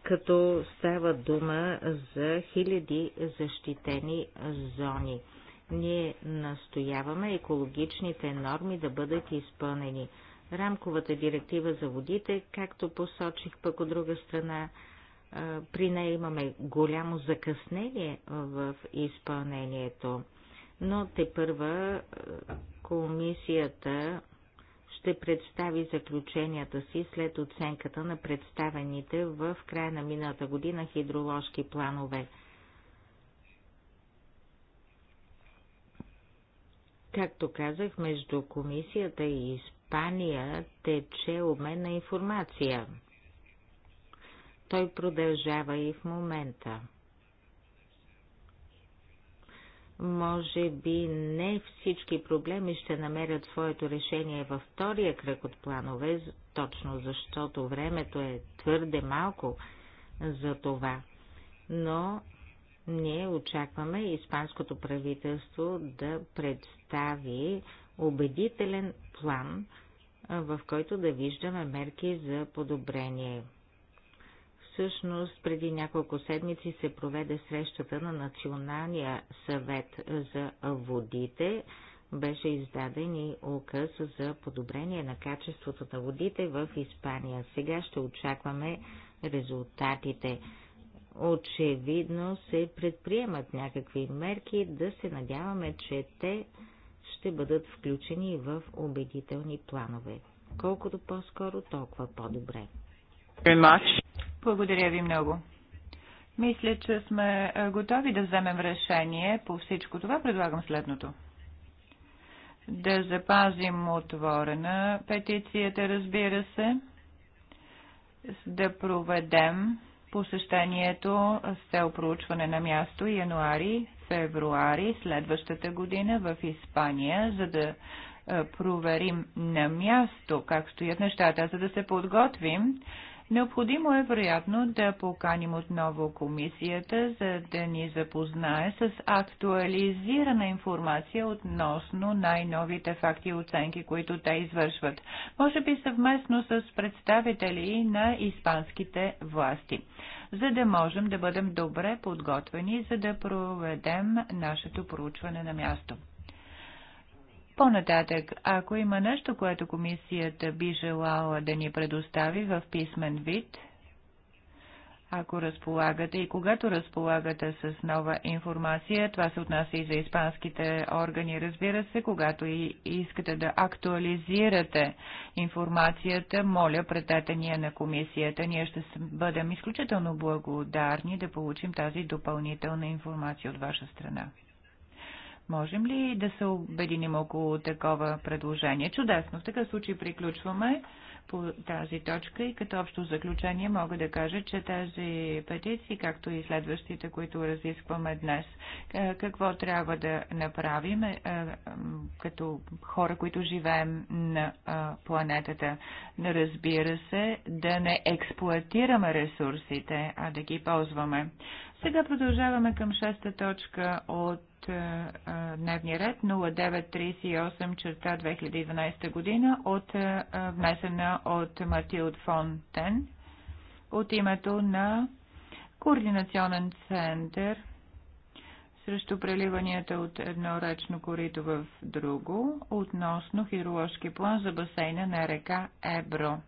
като става дума за хиляди защитени зони. Ние настояваме екологичните норми да бъдат изпълнени. Рамковата директива за водите, както посочих пък от друга страна, при нея имаме голямо закъснение в изпълнението, но те първа комисията ще представи заключенията си след оценката на представените в края на миналата година хидроложки планове. Както казах, между комисията и Испания тече обмен на информация. Той продължава и в момента. Може би не всички проблеми ще намерят своето решение във втория кръг от планове, точно защото времето е твърде малко за това. Но ние очакваме испанското правителство да представи убедителен план, в който да виждаме мерки за подобрение. Всъщност преди няколко седмици се проведе срещата на Националния съвет за водите. Беше издаден и указ за подобрение на качеството на водите в Испания. Сега ще очакваме резултатите. Очевидно се предприемат някакви мерки, да се надяваме, че те ще бъдат включени в убедителни планове. Колкото по-скоро, толкова по-добре. Благодаря ви много. Мисля, че сме е, готови да вземем решение по всичко това. Предлагам следното. Да запазим отворена петицията, разбира се. Да проведем посещението с цел проучване на място януари, февруари следващата година в Испания, за да е, проверим на място как стоят нещата, за да се подготвим Необходимо е вероятно да поканим отново комисията, за да ни запознае с актуализирана информация относно най-новите факти и оценки, които те извършват. Може би съвместно с представители на испанските власти, за да можем да бъдем добре подготвени, за да проведем нашето проучване на място. По-нататък, ако има нещо, което комисията би желала да ни предостави в писмен вид, ако разполагате и когато разполагате с нова информация, това се отнася и за испанските органи, разбира се, когато и искате да актуализирате информацията, моля, предете ние на комисията. Ние ще бъдем изключително благодарни да получим тази допълнителна информация от ваша страна. Можем ли да се обединим около такова предложение? Чудесно. В такъв случай приключваме по тази точка и като общо заключение мога да кажа, че тази петиция, както и следващите, които разискваме днес, е, какво трябва да направим е, е, като хора, които живеем на планетата. Разбира се, да не експлуатираме ресурсите, а да ги ползваме. Сега продължаваме към шеста точка от е, е дневния ред 0938 черта 2012 година, от, е, е, внесена от Матилд Фонтен от името на Координационен център срещу преливанията от едно речно корито в друго относно хидроложки план за басейна на река Ебро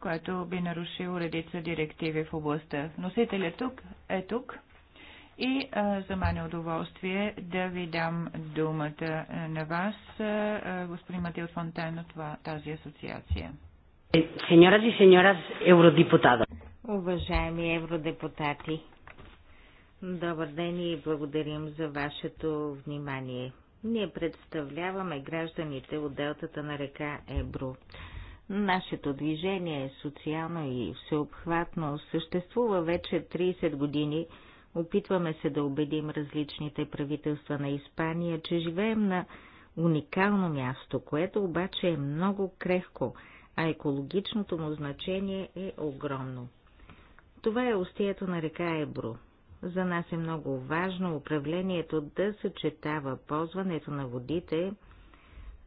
което би нарушило редица директиви в областта. Носителят тук е тук. И а, за мен е удоволствие да ви дам думата на вас, а, господин Матил Фонтен от това, тази асоциация. Сеньорас и сеньорас евродепутата. Уважаеми евродепутати, добър ден и благодарим за вашето внимание. Ние представляваме гражданите от делтата на река Ебро. Нашето движение, е социално и всеобхватно, съществува вече 30 години. Опитваме се да убедим различните правителства на Испания, че живеем на уникално място, което обаче е много крехко, а екологичното му значение е огромно. Това е устието на река Ебро. За нас е много важно управлението да съчетава ползването на водите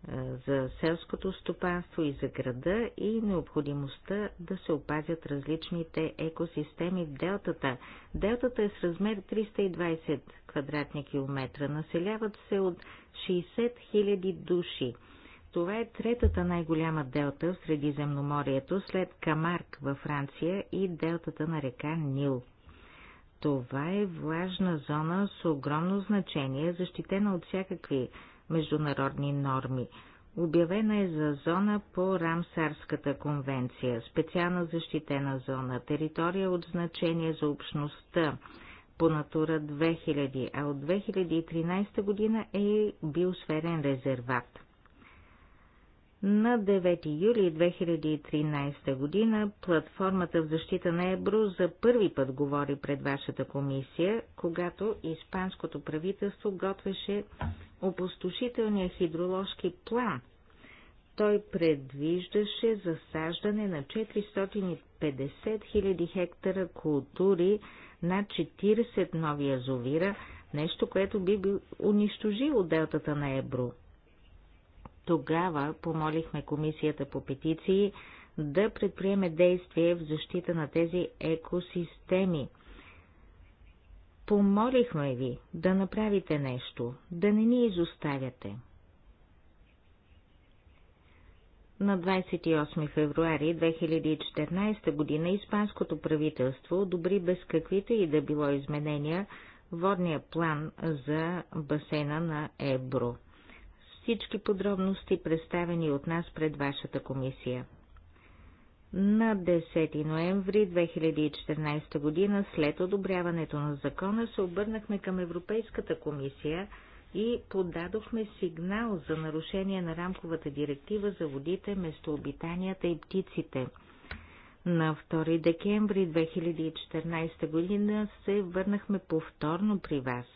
е, за селското стопанство и за града и необходимостта да се опазят различните екосистеми в делтата. Делтата е с размер 320 квадратни километра. Населяват се от 60 000 души. Това е третата най-голяма делта в Средиземноморието след Камарк във Франция и делтата на река Нил. Това е влажна зона с огромно значение, защитена от всякакви международни норми. Обявена е за зона по Рамсарската конвенция, специална защитена зона, територия от значение за общността по Натура 2000, а от 2013 година е биосферен резерват. На 9 юли 2013 година платформата в защита на Ебро за първи път говори пред вашата комисия, когато испанското правителство готвеше опустошителния хидроложки план. Той предвиждаше засаждане на 450 000 хектара култури на 40 нови азовира, нещо, което би унищожило делтата на Ебро. Тогава помолихме Комисията по петиции да предприеме действие в защита на тези екосистеми. Помолихме ви да направите нещо, да не ни изоставяте. На 28 февруари 2014 година испанското правителство одобри без каквито и да било изменения водния план за басейна на Ебро всички подробности, представени от нас пред вашата комисия. На 10 ноември 2014 година, след одобряването на закона, се обърнахме към Европейската комисия и подадохме сигнал за нарушение на рамковата директива за водите, местообитанията и птиците. На 2 декември 2014 година се върнахме повторно при вас –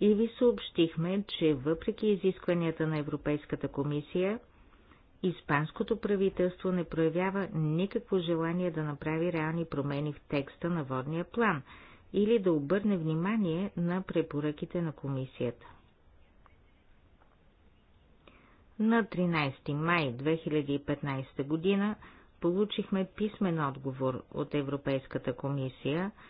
и ви съобщихме, че въпреки изискванията на Европейската комисия, Испанското правителство не проявява никакво желание да направи реални промени в текста на водния план или да обърне внимание на препоръките на комисията. На 13 май 2015 година получихме писмен отговор от Европейската комисия –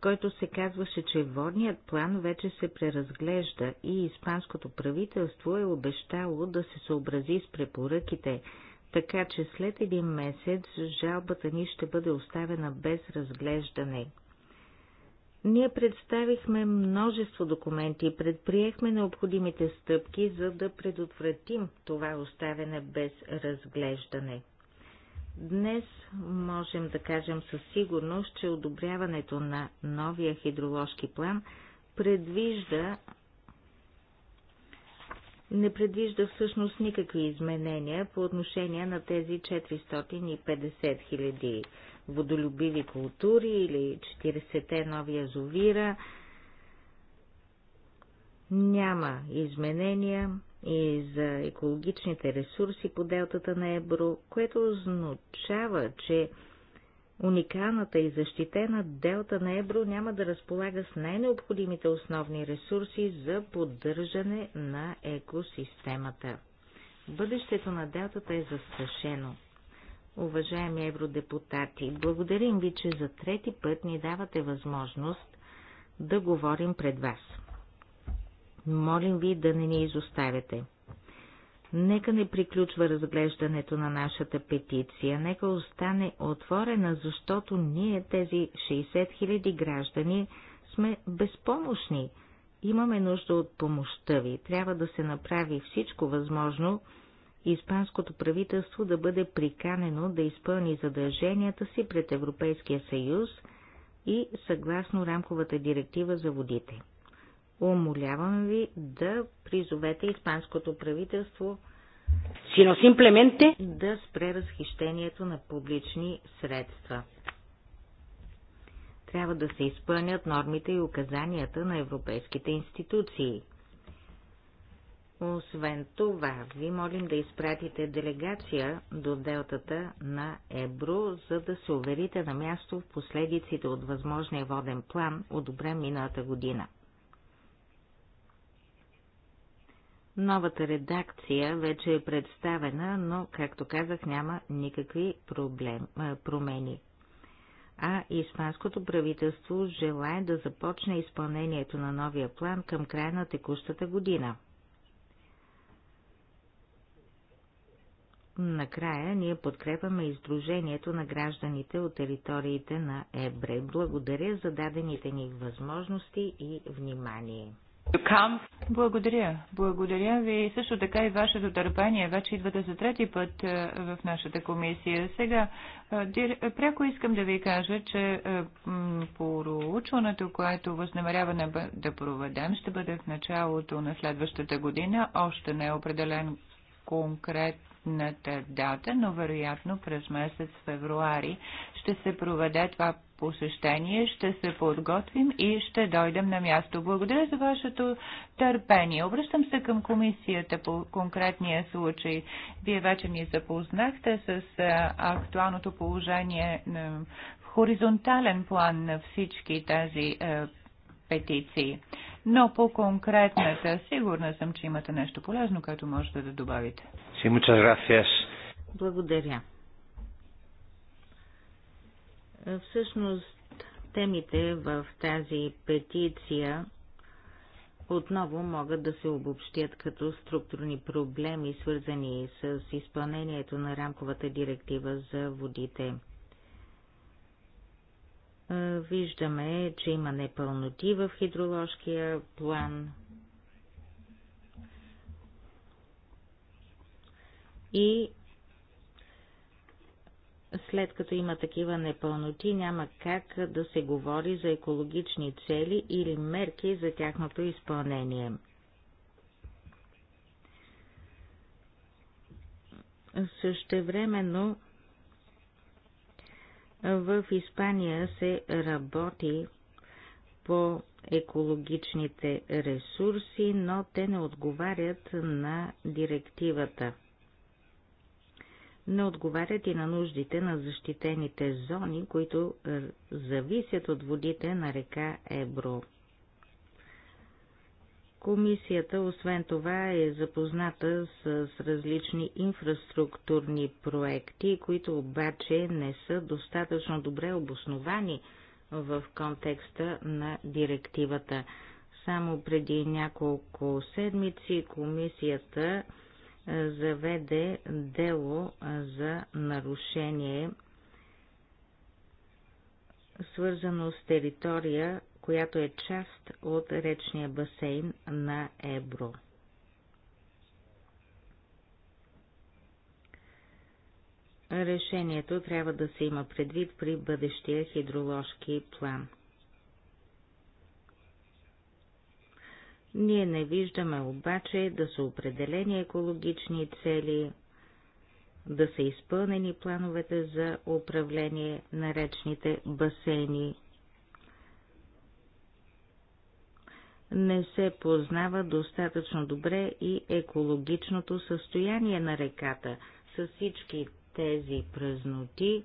който се казваше, че водният план вече се преразглежда и испанското правителство е обещало да се съобрази с препоръките, така че след един месец жалбата ни ще бъде оставена без разглеждане. Ние представихме множество документи и предприехме необходимите стъпки, за да предотвратим това оставяне без разглеждане. Днес можем да кажем със сигурност, че одобряването на новия хидроложки план предвижда не предвижда всъщност никакви изменения по отношение на тези 450 хиляди водолюбиви култури или 40-те нови азовира, Няма изменения и за екологичните ресурси по делтата на Ебро, което означава, че уникалната и защитена делта на Ебро няма да разполага с най-необходимите основни ресурси за поддържане на екосистемата. Бъдещето на делтата е застрашено. Уважаеми евродепутати, благодарим ви, че за трети път ни давате възможност да говорим пред вас. Молим ви да не ни изоставяте. Нека не приключва разглеждането на нашата петиция, нека остане отворена, защото ние, тези 60 000 граждани, сме безпомощни. Имаме нужда от помощта ви. Трябва да се направи всичко възможно, испанското правителство да бъде приканено да изпълни задълженията си пред Европейския съюз и съгласно рамковата директива за водите. Умолявам ви да призовете испанското правителство sino simplemente да спре разхищението на публични средства. Трябва да се изпълнят нормите и указанията на европейските институции. Освен това, ви молим да изпратите делегация до делтата на Ебро, за да се уверите на място в последиците от възможния воден план, одобрен миналата година. Новата редакция вече е представена, но, както казах, няма никакви проблем, промени. А испанското правителство желая да започне изпълнението на новия план към края на текущата година. Накрая ние подкрепаме издружението на гражданите от териториите на ЕБРЕ. Благодаря за дадените ни възможности и внимание. Благодаря. Благодаря ви също така и вашето търпение. Вече идвате за трети път е, в нашата комисия. Сега, е, пряко искам да ви кажа, че е, поручването, което възнамеряваме да проведем, ще бъде в началото на следващата година. Още не е определен конкрет точната дата, но вероятно през месец февруари ще се проведе това посещение, ще се подготвим и ще дойдем на място. Благодаря за вашето търпение. Обръщам се към комисията по конкретния случай. Вие вече ни запознахте с актуалното положение в хоризонтален план на всички тези петиции. Но по конкретната, сигурна съм, че имате нещо полезно, което можете да добавите. Sí, muchas gracias. Благодаря. Всъщност, темите в тази петиция отново могат да се обобщят като структурни проблеми, свързани с изпълнението на рамковата директива за водите. Виждаме, че има непълноти в хидроложкия план. И след като има такива непълноти, няма как да се говори за екологични цели или мерки за тяхното изпълнение. Същевременно в Испания се работи по екологичните ресурси, но те не отговарят на директивата. Не отговарят и на нуждите на защитените зони, които зависят от водите на река Ебро. Комисията, освен това, е запозната с различни инфраструктурни проекти, които обаче не са достатъчно добре обосновани в контекста на директивата. Само преди няколко седмици комисията е, заведе дело е, за нарушение, свързано с територия която е част от речния басейн на Ебро. Решението трябва да се има предвид при бъдещия хидроложки план. Ние не виждаме обаче да са определени екологични цели, да са изпълнени плановете за управление на речните басейни не се познава достатъчно добре и екологичното състояние на реката. С всички тези празноти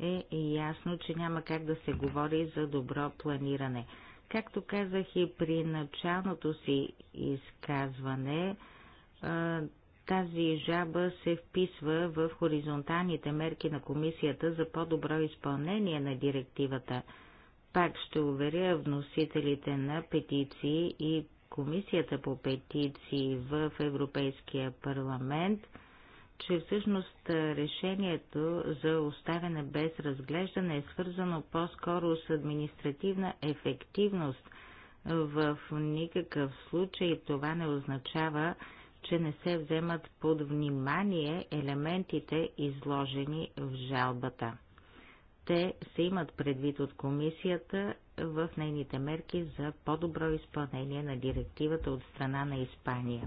е ясно, че няма как да се говори за добро планиране. Както казах и при началното си изказване, тази жаба се вписва в хоризонталните мерки на Комисията за по-добро изпълнение на директивата – пак ще уверя вносителите на петиции и Комисията по петиции в Европейския парламент, че всъщност решението за оставяне без разглеждане е свързано по-скоро с административна ефективност. В никакъв случай това не означава, че не се вземат под внимание елементите, изложени в жалбата те се имат предвид от комисията в нейните мерки за по-добро изпълнение на директивата от страна на Испания.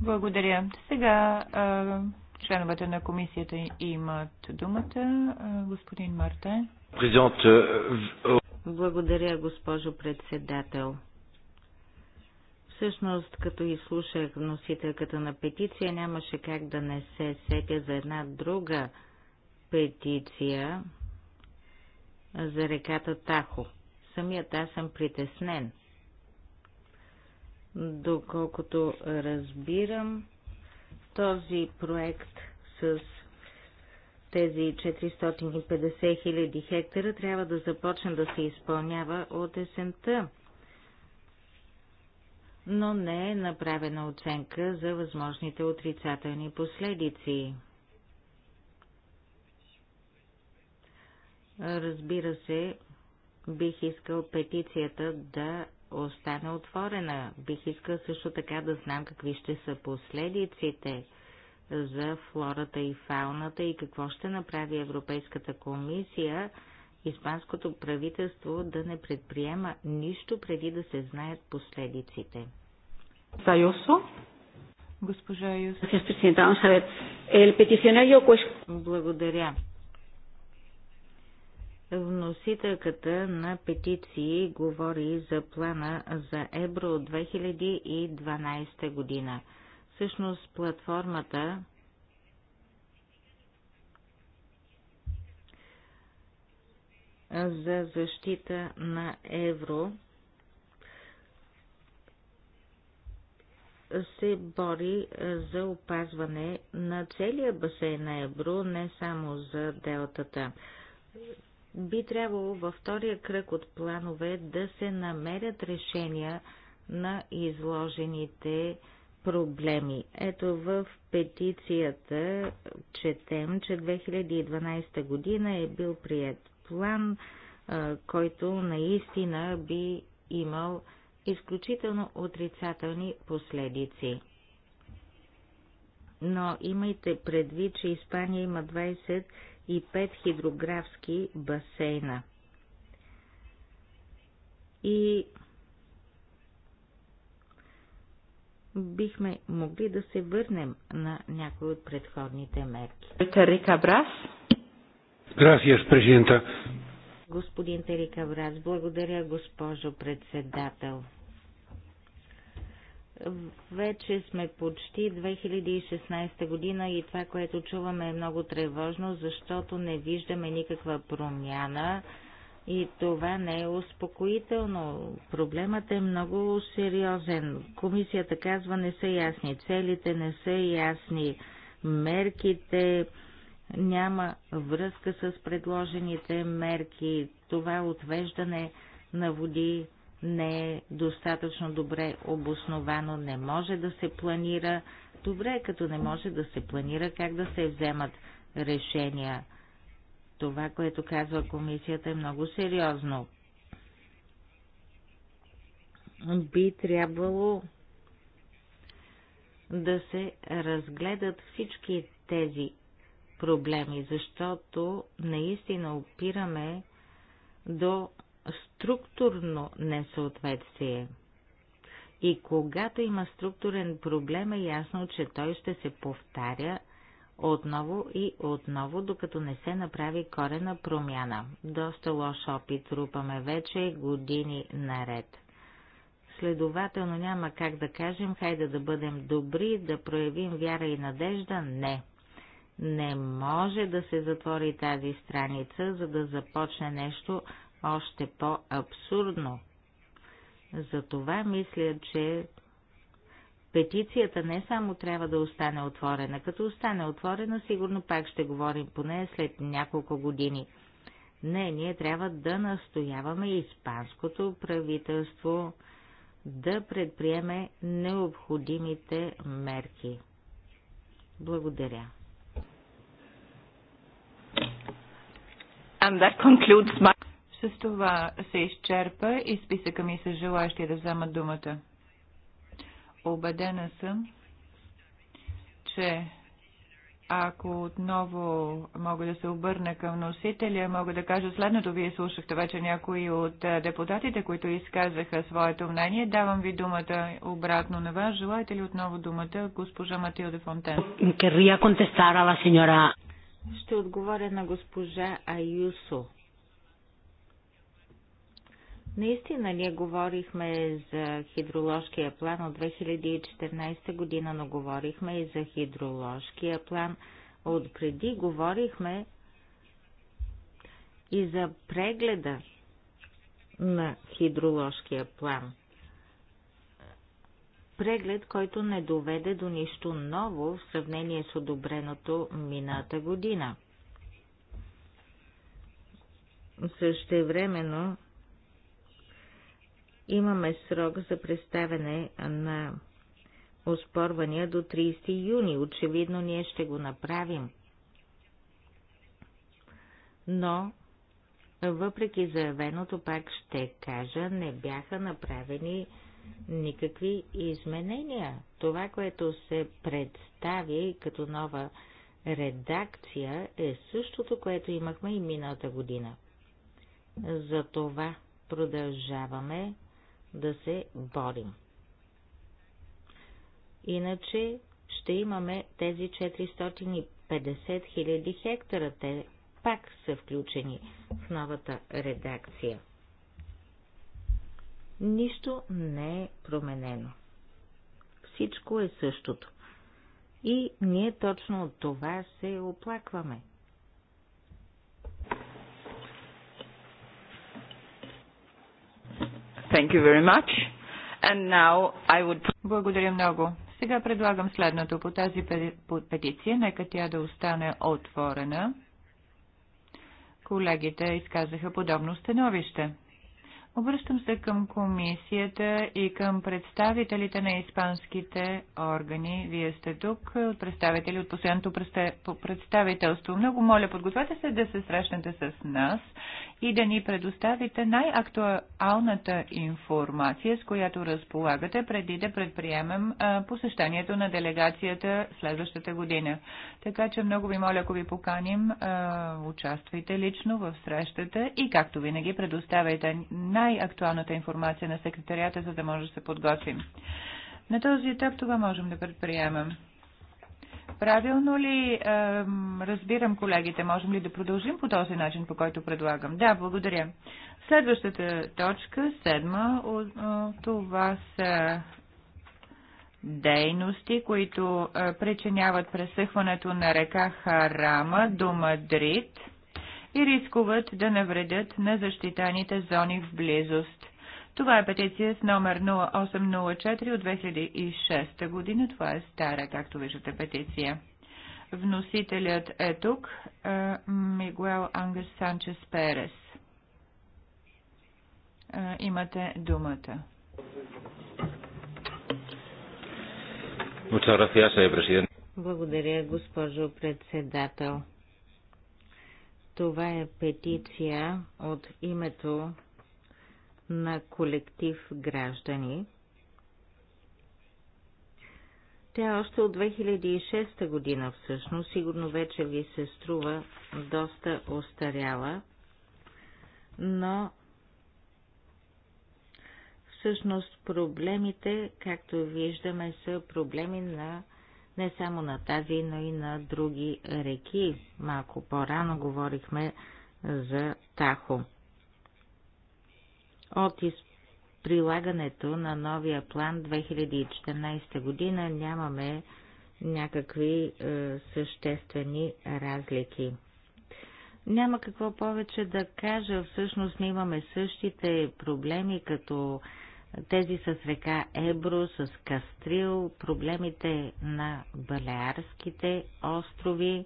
Благодаря. Сега членовете на комисията имат думата. Господин Марте. Благодаря, госпожо председател. Всъщност, като изслушах носителката на петиция, нямаше как да не се сетя за една друга петиция за реката Тахо. Самият аз съм притеснен. Доколкото разбирам, този проект с тези 450 хиляди хектара трябва да започне да се изпълнява от есента. Но не е направена оценка за възможните отрицателни последици. Разбира се, бих искал петицията да остане отворена. Бих искал също така да знам какви ще са последиците за флората и фауната и какво ще направи Европейската комисия, испанското правителство да не предприема нищо преди да се знаят последиците. Сайосо? Госпожа Юсо. Благодаря. Вносителката на петиции говори за плана за Ебро от 2012 година. Всъщност платформата за защита на Евро се бори за опазване на целия басейн на Ебро, не само за делтата би трябвало във втория кръг от планове да се намерят решения на изложените проблеми. Ето в петицията четем, че 2012 година е бил прият план, който наистина би имал изключително отрицателни последици. Но имайте предвид, че Испания има 20 и пет хидрографски басейна. И бихме могли да се върнем на някои от предходните мерки. Терика Брас. Gracias, президента. Господин Терика Брас, благодаря, госпожо председател. Вече сме почти 2016 година и това, което чуваме е много тревожно, защото не виждаме никаква промяна и това не е успокоително. Проблемът е много сериозен. Комисията казва не са ясни, целите не са ясни, мерките няма връзка с предложените мерки. Това отвеждане на води не е достатъчно добре обосновано, не може да се планира. Добре е, като не може да се планира как да се вземат решения. Това, което казва комисията е много сериозно. Би трябвало да се разгледат всички тези проблеми, защото наистина опираме до структурно несъответствие. И когато има структурен проблем, е ясно, че той ще се повтаря отново и отново, докато не се направи корена промяна. Доста лош опит трупаме вече години наред. Следователно няма как да кажем, хайде да бъдем добри, да проявим вяра и надежда, не. Не може да се затвори тази страница, за да започне нещо още по-абсурдно. Затова мисля, че петицията не само трябва да остане отворена. Като остане отворена, сигурно пак ще говорим по нея след няколко години. Не, ние трябва да настояваме испанското правителство да предприеме необходимите мерки. Благодаря. And that concludes my... С това се изчерпа и списъка ми с желащи да вземат думата. Обедена съм, че ако отново мога да се обърна към носителя, мога да кажа следното. Вие слушахте вече някои от депутатите, които изказаха своето мнение. Давам ви думата обратно на вас. Желаете ли отново думата, госпожа Матилде Фонтен? Ще отговоря на госпожа Аюсо. Наистина ние говорихме за хидроложкия план от 2014 година, но говорихме и за хидроложкия план от преди. Говорихме и за прегледа на хидроложкия план. Преглед, който не доведе до нищо ново в сравнение с одобреното мината година. Същевременно времено Имаме срок за представяне на оспорвания до 30 юни. Очевидно ние ще го направим. Но, въпреки заявеното, пак ще кажа, не бяха направени никакви изменения. Това, което се представи като нова редакция, е същото, което имахме и миналата година. За това продължаваме да се борим. Иначе ще имаме тези 450 000 хектара. Те пак са включени в новата редакция. Нищо не е променено. Всичко е същото. И ние точно от това се оплакваме. Thank you very much. And now I would... Благодаря много. Сега предлагам следното по тази петиция. Нека тя да остане отворена. Колегите изказаха подобно становище. Обръщам се към комисията и към представителите на испанските органи. Вие сте тук, представители от последното представителство. Много моля, подгответе се да се срещнете с нас и да ни предоставите най-актуалната информация, с която разполагате, преди да предприемем посещението на делегацията следващата година. Така че много ви моля, ако ви поканим, участвайте лично в срещата и както винаги предоставяйте най най-актуалната информация на секретарията, за да може да се подготвим. На този етап това можем да предприемам. Правилно ли е, разбирам колегите? Можем ли да продължим по този начин, по който предлагам? Да, благодаря. Следващата точка, седма, това са дейности, които причиняват пресъхването на река Харама до Мадрид – и рискуват да навредят на защитаните зони в близост. Това е петиция с номер 0804 от 2006 година. Това е стара, както виждате, петиция. Вносителят е тук, Мигуел Ангес Санчес Перес. Имате думата. Благодаря, госпожо председател. Това е петиция от името на колектив граждани. Тя е още от 2006 година всъщност, сигурно вече ви се струва доста остаряла, но всъщност проблемите, както виждаме, са проблеми на не само на тази, но и на други реки. Малко по-рано говорихме за Тахо. От из... прилагането на новия план 2014 година нямаме някакви е, съществени разлики. Няма какво повече да кажа, всъщност ние имаме същите проблеми като тези с река Ебро, с Кастрил, проблемите на Балеарските острови.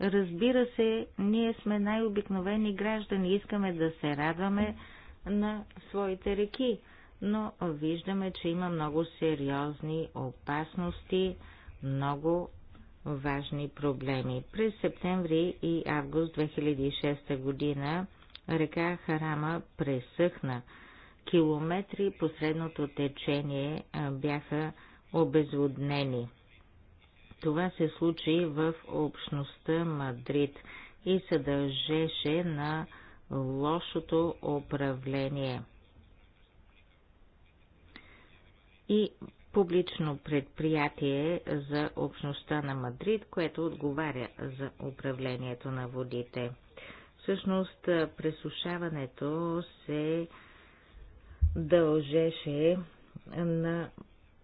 Разбира се, ние сме най-обикновени граждани, искаме да се радваме на своите реки, но виждаме, че има много сериозни опасности, много важни проблеми. През септември и август 2006 година Река Харама пресъхна. Километри по средното течение бяха обезводнени. Това се случи в общността Мадрид и се дължеше на лошото управление. И публично предприятие за общността на Мадрид, което отговаря за управлението на водите. Всъщност пресушаването се дължеше на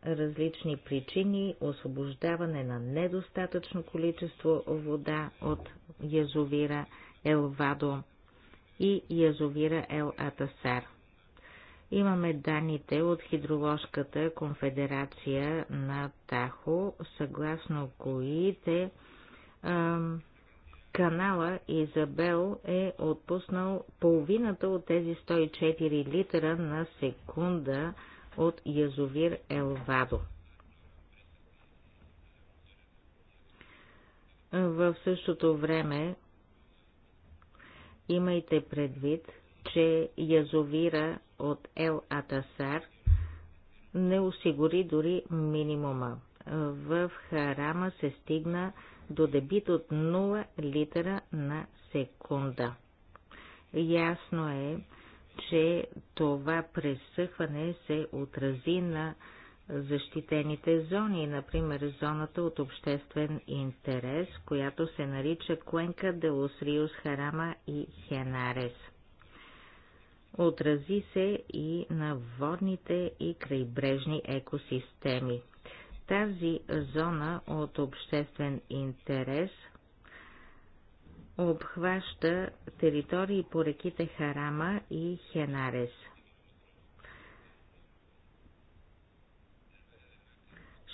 различни причини, освобождаване на недостатъчно количество вода от язовира Елвадо и язовира Ел Атасар. Имаме данните от Хидроложката конфедерация на Тахо, съгласно коите канала Изабел е отпуснал половината от тези 104 литра на секунда от язовир Елвадо. В същото време имайте предвид, че язовира от Ел Атасар не осигури дори минимума. В Харама се стигна до дебит от 0 литра на секунда. Ясно е, че това пресъхване се отрази на защитените зони, например зоната от обществен интерес, която се нарича Куенка де Лос Харама и Хенарес. Отрази се и на водните и крайбрежни екосистеми. Тази зона от обществен интерес обхваща територии по реките Харама и Хенарес. –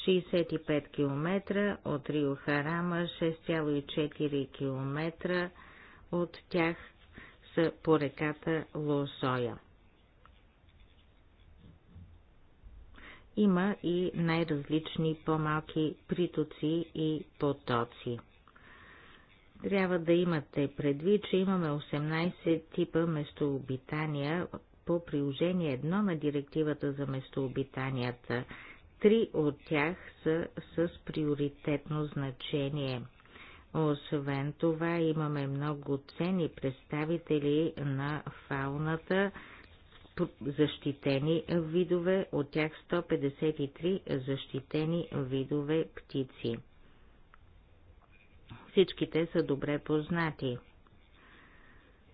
65 км от Рио Харама, 6,4 км от тях са по реката Лосоя. има и най-различни по-малки притоци и потоци. Трябва да имате предвид, че имаме 18 типа местообитания по приложение 1 на директивата за местообитанията. Три от тях са с приоритетно значение. Освен това имаме много ценни представители на фауната, защитени видове, от тях 153 защитени видове птици. Всичките са добре познати,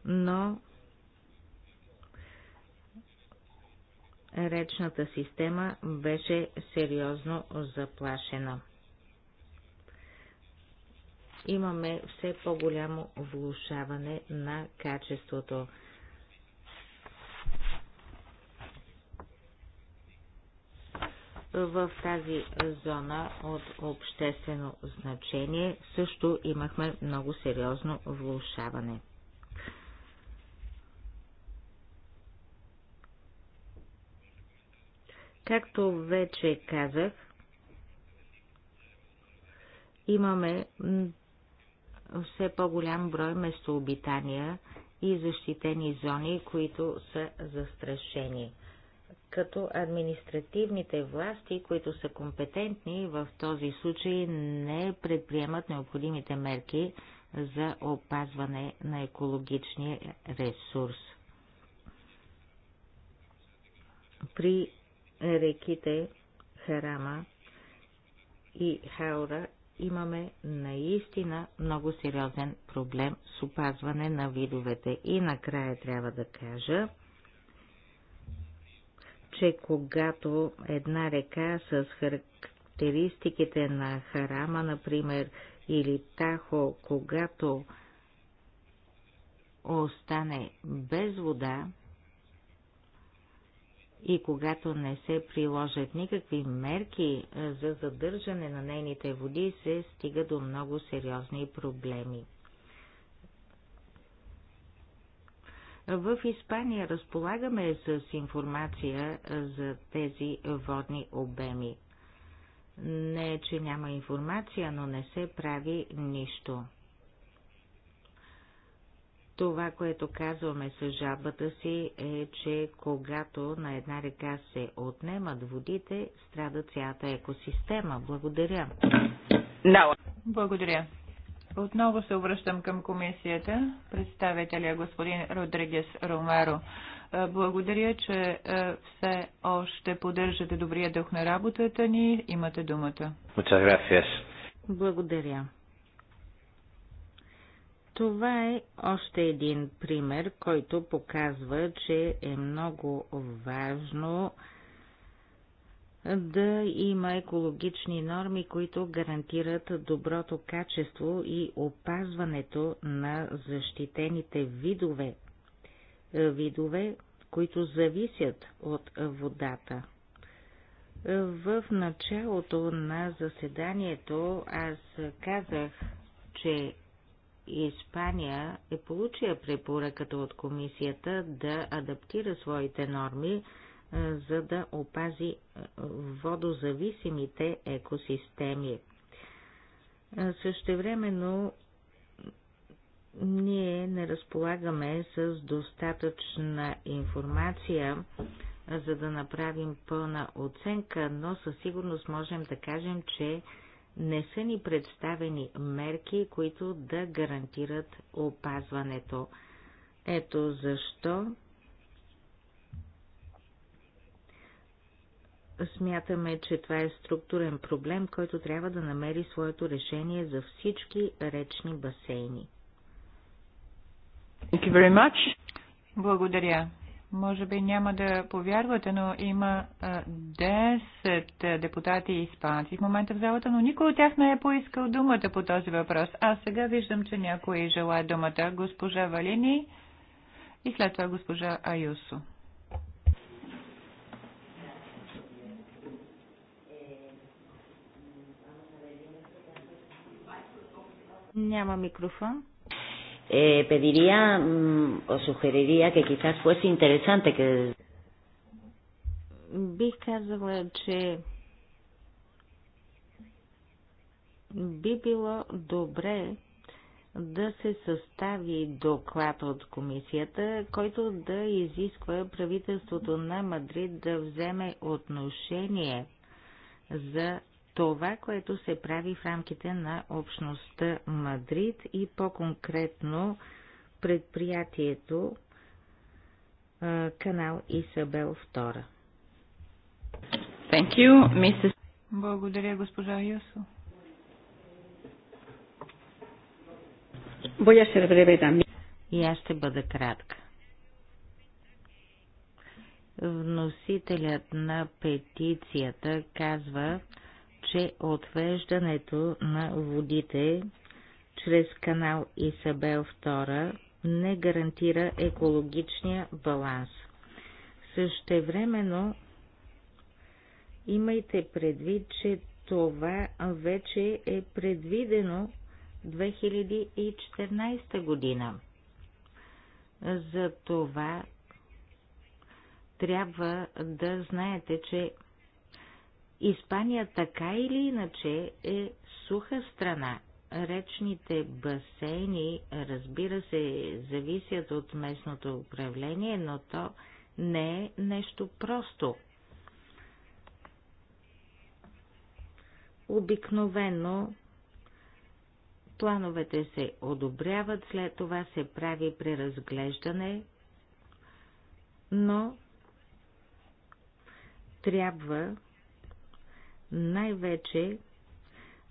но речната система беше сериозно заплашена. Имаме все по-голямо влушаване на качеството. в тази зона от обществено значение също имахме много сериозно влушаване. Както вече казах, имаме все по-голям брой местообитания и защитени зони, които са застрашени като административните власти, които са компетентни в този случай, не предприемат необходимите мерки за опазване на екологичния ресурс. При реките Харама и Хаура имаме наистина много сериозен проблем с опазване на видовете. И накрая трябва да кажа, че когато една река с характеристиките на Харама, например, или Тахо, когато остане без вода и когато не се приложат никакви мерки за задържане на нейните води, се стига до много сериозни проблеми. В Испания разполагаме с информация за тези водни обеми. Не, че няма информация, но не се прави нищо. Това, което казваме с жабата си е, че когато на една река се отнемат водите, страда цялата екосистема. Благодаря. No. Благодаря. Отново се обръщам към комисията, представителя господин Родригес Ромеро. Е, благодаря, че е, все още поддържате добрия дух на работата ни. Имате думата. Благодаря. Това е още един пример, който показва, че е много важно да да има екологични норми, които гарантират доброто качество и опазването на защитените видове, видове, които зависят от водата. В началото на заседанието аз казах, че Испания е получила препоръката от комисията да адаптира своите норми за да опази водозависимите екосистеми. Същевременно ние не разполагаме с достатъчна информация, за да направим пълна оценка, но със сигурност можем да кажем, че не са ни представени мерки, които да гарантират опазването. Ето защо Смятаме, че това е структурен проблем, който трябва да намери своето решение за всички речни басейни. Thank you very much. Благодаря. Може би няма да повярвате, но има 10 депутати и испанци в момента в залата, но никой от тях не е поискал думата по този въпрос. А сега виждам, че някой желая думата. Госпожа Валини и след това госпожа Аюсо. Няма микрофон. Eh, pediría mm, o sugeriría que quizás fuese interesante que. Бих казала, че би било добре да се състави доклад от комисията, който да изисква правителството на Мадрид да вземе отношение за това, което се прави в рамките на общността Мадрид и по-конкретно предприятието канал Исабел II. Thank you, Mrs. Благодаря, госпожа Юсо. Voy a ser breve И аз ще бъда кратка. Вносителят на петицията казва, че отвеждането на водите чрез канал Исабел II не гарантира екологичния баланс. Същевременно имайте предвид, че това вече е предвидено 2014 година. За това трябва да знаете, че Испания така или иначе е суха страна. Речните басейни, разбира се, зависят от местното управление, но то не е нещо просто. Обикновено плановете се одобряват, след това се прави преразглеждане, но трябва най-вече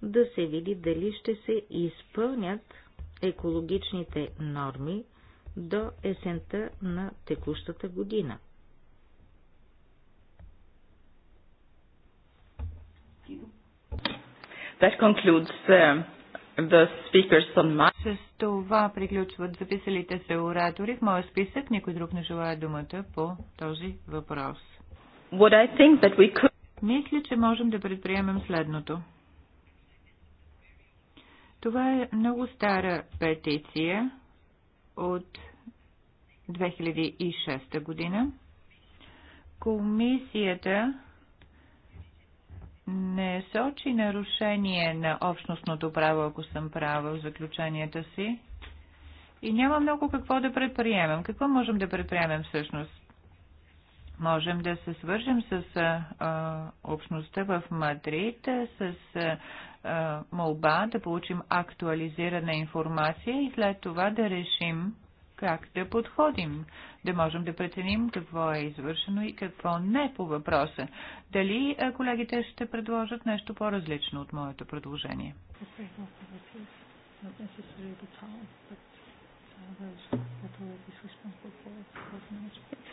да се види дали ще се изпълнят екологичните норми до есента на текущата година. That concludes uh, the speakers on my... С това приключват записалите се оратори в моя списък. Никой друг не желая думата по този въпрос. What I think that we could... Мисля, че можем да предприемем следното. Това е много стара петиция от 2006 година. Комисията не сочи нарушение на общностното право, ако съм права в заключенията си. И няма много какво да предприемем. Какво можем да предприемем всъщност? можем да се свържем с а, общността в Мадрид, с а, молба да получим актуализирана информация и след това да решим как да подходим, да можем да преценим какво е извършено и какво не по въпроса. Дали колегите ще предложат нещо по-различно от моето предложение?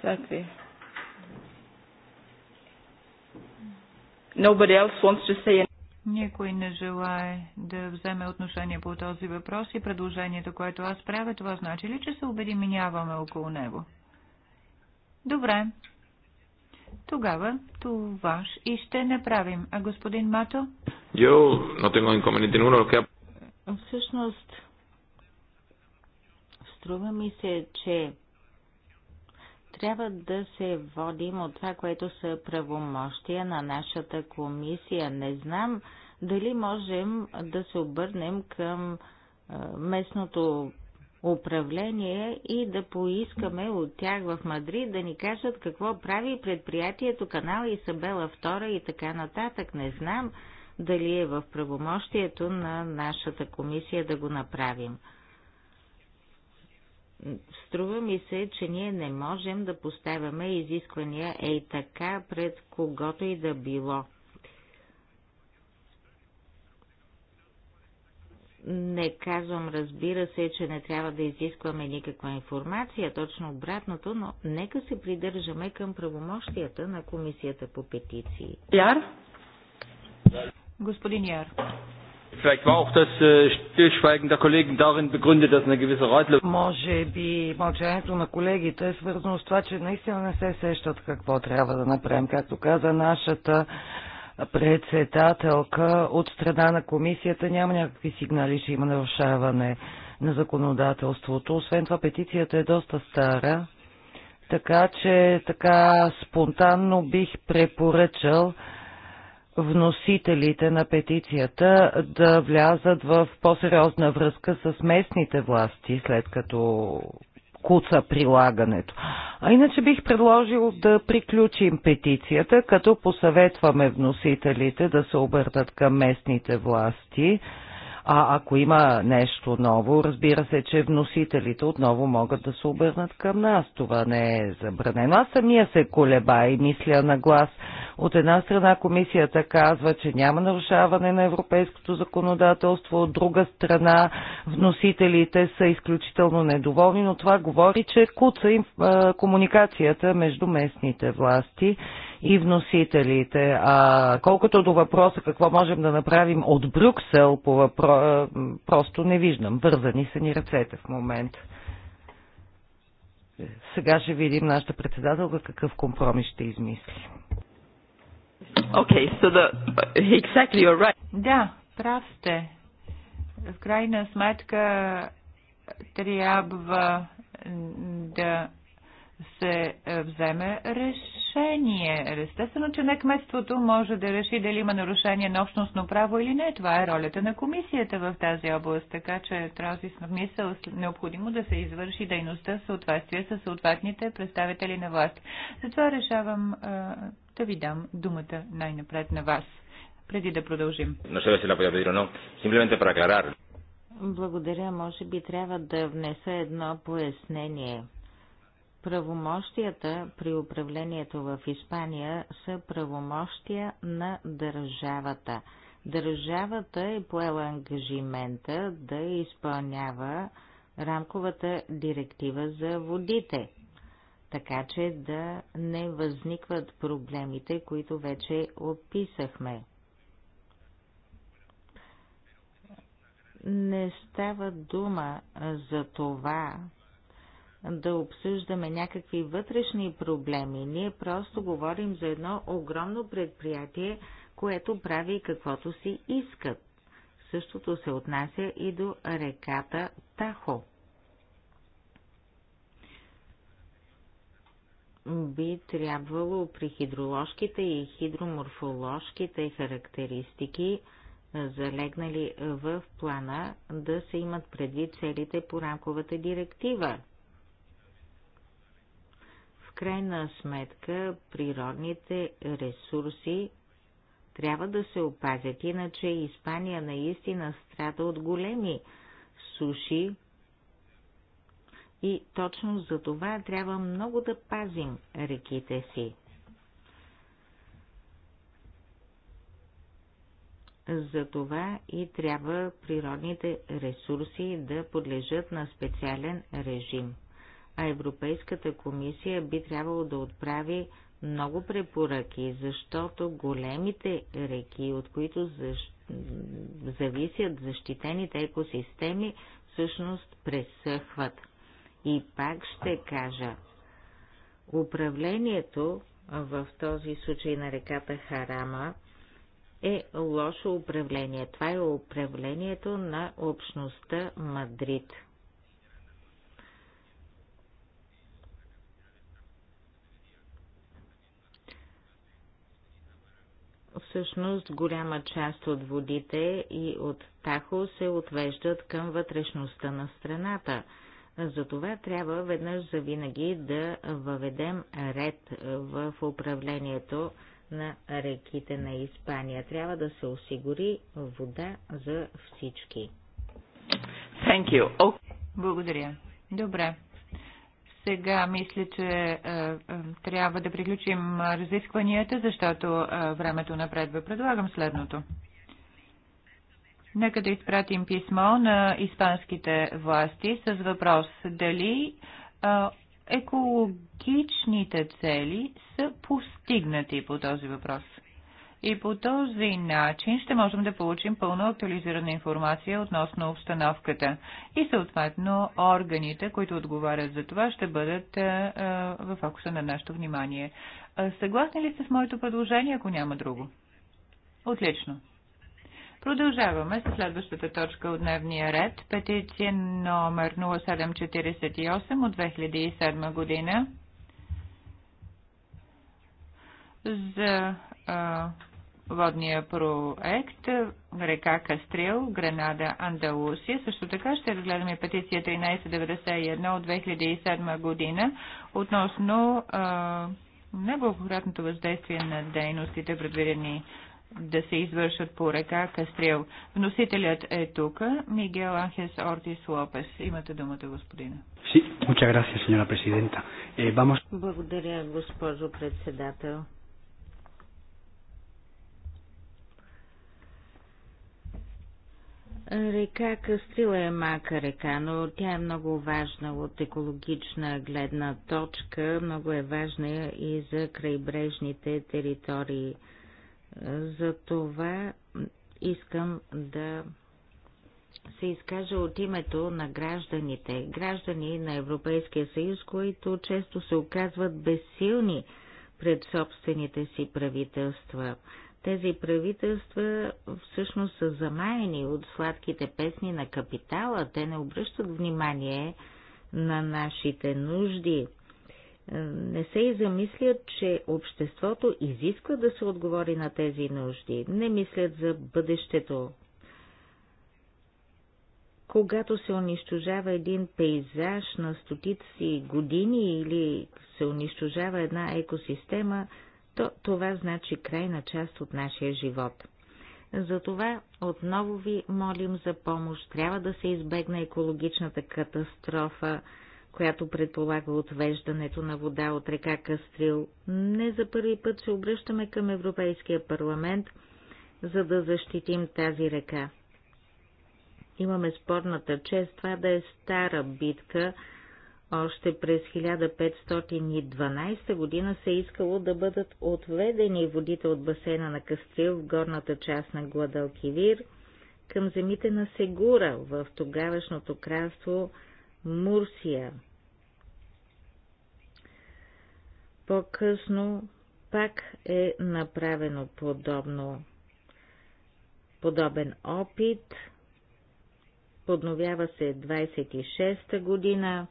Exactly. Nobody else wants to say anything. Никой не желае да вземе отношение по този въпрос и предложението, което аз правя, това значи ли, че се обединяваме около него? Добре. Тогава това и ще направим. А господин Мато? Yo no tengo inconveniente ninguno. Que... Всъщност, струва ми се, че трябва да се водим от това, което са правомощия на нашата комисия. Не знам дали можем да се обърнем към местното управление и да поискаме от тях в Мадрид да ни кажат какво прави предприятието канал Исабела II и така нататък. Не знам дали е в правомощието на нашата комисия да го направим. Струва ми се, че ние не можем да поставяме изисквания ей така пред когото и да било. Не казвам, разбира се, че не трябва да изискваме никаква информация, точно обратното, но нека се придържаме към правомощията на Комисията по петиции. Яр? Господин Яр. Vielleicht war auch das äh, Stillschweigen der Kollegen darin begründet, dass eine gewisse Ratlosigkeit. Може би мълчанието на колегите е свързано с това, че наистина не се сещат какво трябва да направим. Както каза нашата председателка от страна на комисията няма някакви сигнали, че има нарушаване на законодателството. Освен това, петицията е доста стара, така че така спонтанно бих препоръчал вносителите на петицията да влязат в по-сериозна връзка с местните власти, след като куца прилагането. А иначе бих предложил да приключим петицията, като посъветваме вносителите да се обърнат към местните власти – а ако има нещо ново, разбира се, че вносителите отново могат да се обърнат към нас. Това не е забранено. Аз самия се колеба и мисля на глас. От една страна комисията казва, че няма нарушаване на европейското законодателство, от друга страна вносителите са изключително недоволни, но това говори, че куца им комуникацията между местните власти и вносителите. А колкото до въпроса какво можем да направим от Брюксел по въпро... просто не виждам. Вързани са ни ръцете в момента. Сега ще видим нашата председателка какъв компромис ще измисли. Okay, so the, exactly you're right. Да, прав сте. В крайна сметка трябва да се е, вземе решение. Естествено, че не кметството може да реши дали има нарушение на общностно право или не. Това е ролята на комисията в тази област, така че този мисъл необходимо да се извърши дейността в съответствие с съответните представители на власт. Затова решавам е, да ви дам думата най-напред на вас, преди да продължим. Благодаря, може би трябва да внеса едно пояснение – Правомощията при управлението в Испания са правомощия на държавата. Държавата е поела ангажимента да изпълнява рамковата директива за водите, така че да не възникват проблемите, които вече описахме. Не става дума за това да обсъждаме някакви вътрешни проблеми. Ние просто говорим за едно огромно предприятие, което прави каквото си искат. Същото се отнася и до реката Тахо. Би трябвало при хидроложките и хидроморфоложките характеристики, залегнали в плана, да се имат предвид целите по рамковата директива – крайна сметка природните ресурси трябва да се опазят, иначе Испания наистина страда от големи суши и точно за това трябва много да пазим реките си. За това и трябва природните ресурси да подлежат на специален режим а Европейската комисия би трябвало да отправи много препоръки, защото големите реки, от които защ... зависят защитените екосистеми, всъщност пресъхват. И пак ще кажа, управлението в този случай на реката Харама е лошо управление. Това е управлението на общността Мадрид – Всъщност голяма част от водите и от Тахо се отвеждат към вътрешността на страната. Затова трябва веднъж за винаги да въведем ред в управлението на реките на Испания. Трябва да се осигури вода за всички. Thank you. Okay. Благодаря. Добре. Сега мисля, че е, е, трябва да приключим разискванията, защото времето времето напредва. Предлагам следното. Нека да изпратим писмо на испанските власти с въпрос дали е, екологичните цели са постигнати по този въпрос и по този начин ще можем да получим пълно актуализирана информация относно обстановката и съответно органите, които отговарят за това, ще бъдат е, е, в фокуса на нашето внимание. Съгласни ли сте с моето предложение, ако няма друго? Отлично. Продължаваме с следващата точка от дневния ред. Петиция номер 0748 от 2007 година за а, водния проект река Кастрил, Гранада Андалусия. Също така ще разгледаме петиция 1391 от 2007 година относно а, неблагоприятното въздействие на дейностите, предвидени да се извършат по река Кастрил. Вносителят е тук. Мигел Анхес Ортис Лопес. Имате думата, господина. Eh, Благодаря, госпожо председател. Река Кастрила е мака река, но тя е много важна от екологична гледна точка. Много е важна и за крайбрежните територии. За това искам да се изкажа от името на гражданите, граждани на Европейския съюз, които често се оказват безсилни пред собствените си правителства. Тези правителства всъщност са замаяни от сладките песни на капитала. Те не обръщат внимание на нашите нужди. Е, не се и замислят, че обществото изисква да се отговори на тези нужди. Не мислят за бъдещето, когато се унищожава един пейзаж на стотици години или се унищожава една екосистема, то това значи край на част от нашия живот. Затова отново ви молим за помощ. Трябва да се избегне екологичната катастрофа, която предполага отвеждането на вода от река Кастрил. Не за първи път се обръщаме към Европейския парламент, за да защитим тази река. Имаме спорната чест това да е стара битка, още през 1512 година се е искало да бъдат отведени водите от басейна на Кастрил в горната част на Гладалкивир към земите на Сегура в тогавашното кралство Мурсия. По-късно пак е направено подобно, подобен опит. Подновява се 26-та година.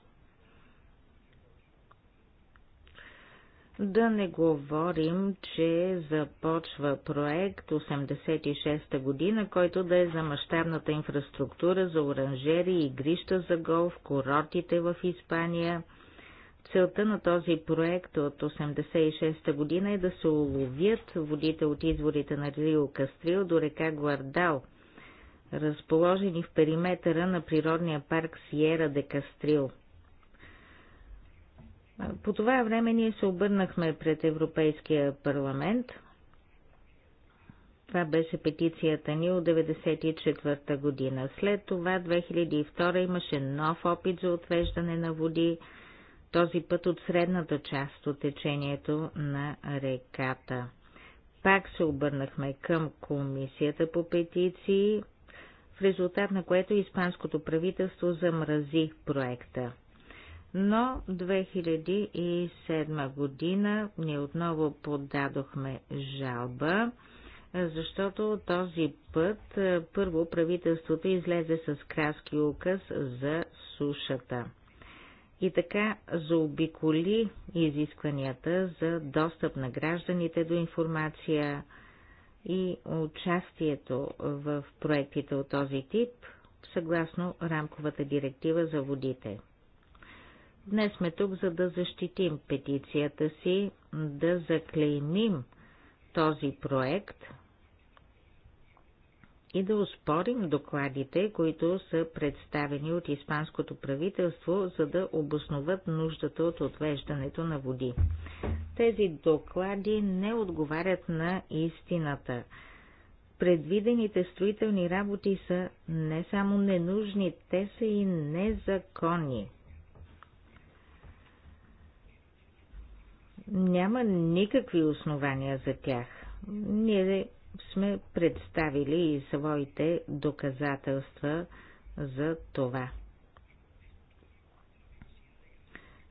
Да не говорим, че започва проект 86-та година, който да е за мащабната инфраструктура за оранжери и игрища за гол в курортите в Испания. Целта на този проект от 86-та година е да се уловят водите от изворите на Рио Кастрил до река Гвардал, разположени в периметъра на природния парк Сиера де Кастрил – по това време ние се обърнахме пред Европейския парламент. Това беше петицията ни от 1994 година. След това 2002 имаше нов опит за отвеждане на води, този път от средната част от течението на реката. Пак се обърнахме към комисията по петиции, в резултат на което испанското правителство замрази проекта но 2007 година ние отново подадохме жалба, защото този път е, първо правителството излезе с краски указ за сушата. И така заобиколи изискванията за достъп на гражданите до информация и участието в проектите от този тип, съгласно рамковата директива за водите. Днес сме тук, за да защитим петицията си, да заклеймим този проект и да успорим докладите, които са представени от Испанското правителство, за да обосноват нуждата от отвеждането на води. Тези доклади не отговарят на истината. Предвидените строителни работи са не само ненужни, те са и незаконни. няма никакви основания за тях. Ние сме представили и своите доказателства за това.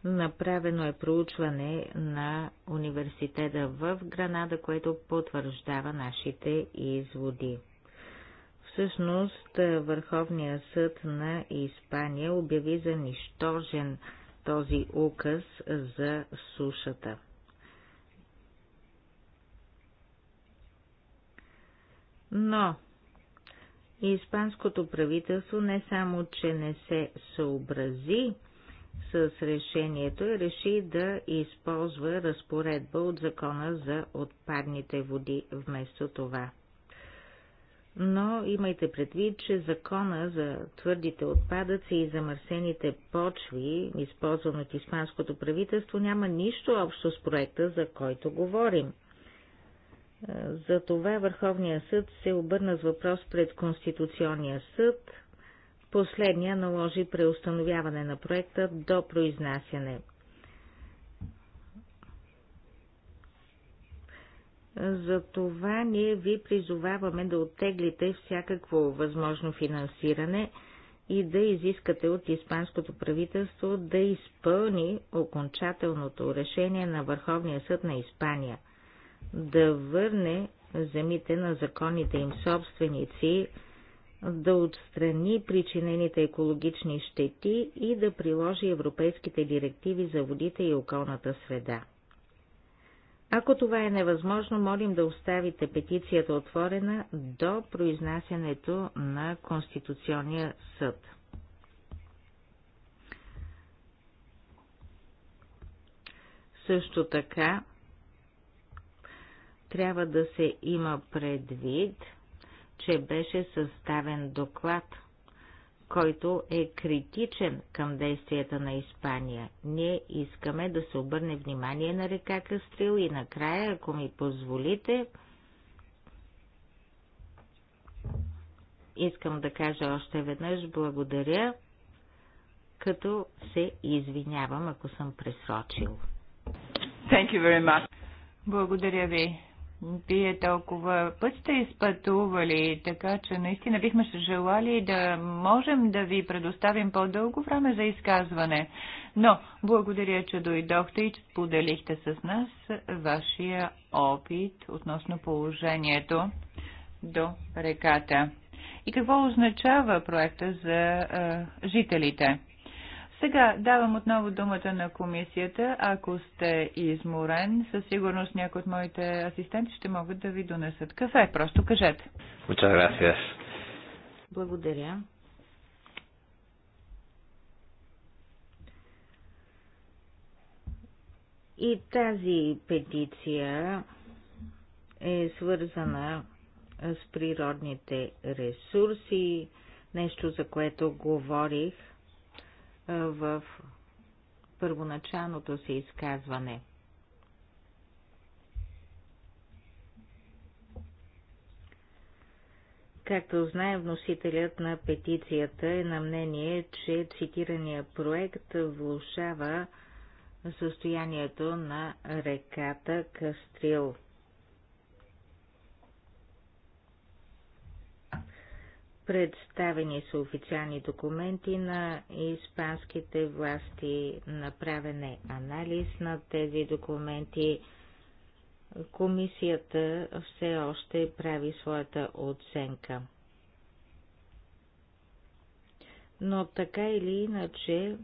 Направено е проучване на университета в Гранада, което потвърждава нашите изводи. Всъщност, Върховният съд на Испания обяви за нищожен този указ за сушата. Но испанското правителство не само, че не се съобрази с решението, реши да използва разпоредба от закона за отпадните води вместо това но имайте предвид, че закона за твърдите отпадъци и замърсените почви, използван от испанското правителство, няма нищо общо с проекта, за който говорим. За това Върховният съд се обърна с въпрос пред Конституционния съд. Последния наложи преустановяване на проекта до произнасяне – Затова ние ви призоваваме да оттеглите всякакво възможно финансиране и да изискате от Испанското правителство да изпълни окончателното решение на Върховния съд на Испания, да върне земите на законните им собственици, да отстрани причинените екологични щети и да приложи европейските директиви за водите и околната среда. Ако това е невъзможно, молим да оставите петицията отворена до произнасянето на Конституционния съд. Също така трябва да се има предвид, че беше съставен доклад – който е критичен към действията на Испания. Ние искаме да се обърне внимание на река Кастрил и накрая, ако ми позволите, искам да кажа още веднъж благодаря, като се извинявам, ако съм пресрочил. Thank you very much. Благодаря ви. Вие толкова път сте изпътували, така че наистина бихме се желали да можем да ви предоставим по-дълго време за изказване. Но благодаря, че дойдохте и че споделихте с нас вашия опит относно положението до реката. И какво означава проекта за е, жителите? Сега давам отново думата на комисията. Ако сте изморен, със сигурност някои от моите асистенти ще могат да ви донесат кафе. Просто кажете. Благодаря. И тази петиция е свързана с природните ресурси, нещо за което говорих – в първоначалното си изказване. Както знаем, вносителят на петицията е на мнение, че цитирания проект влушава състоянието на реката Кастрил. Представени са официални документи на испанските власти, направен е анализ на тези документи. Комисията все още прави своята оценка. Но така или иначе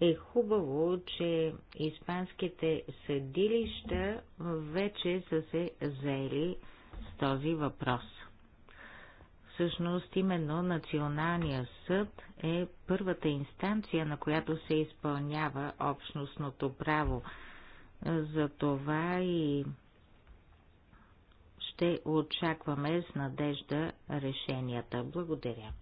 е хубаво, че испанските съдилища вече са се заели с този въпрос. Всъщност именно Националния съд е първата инстанция, на която се изпълнява общностното право. За това и ще очакваме с надежда решенията. Благодаря.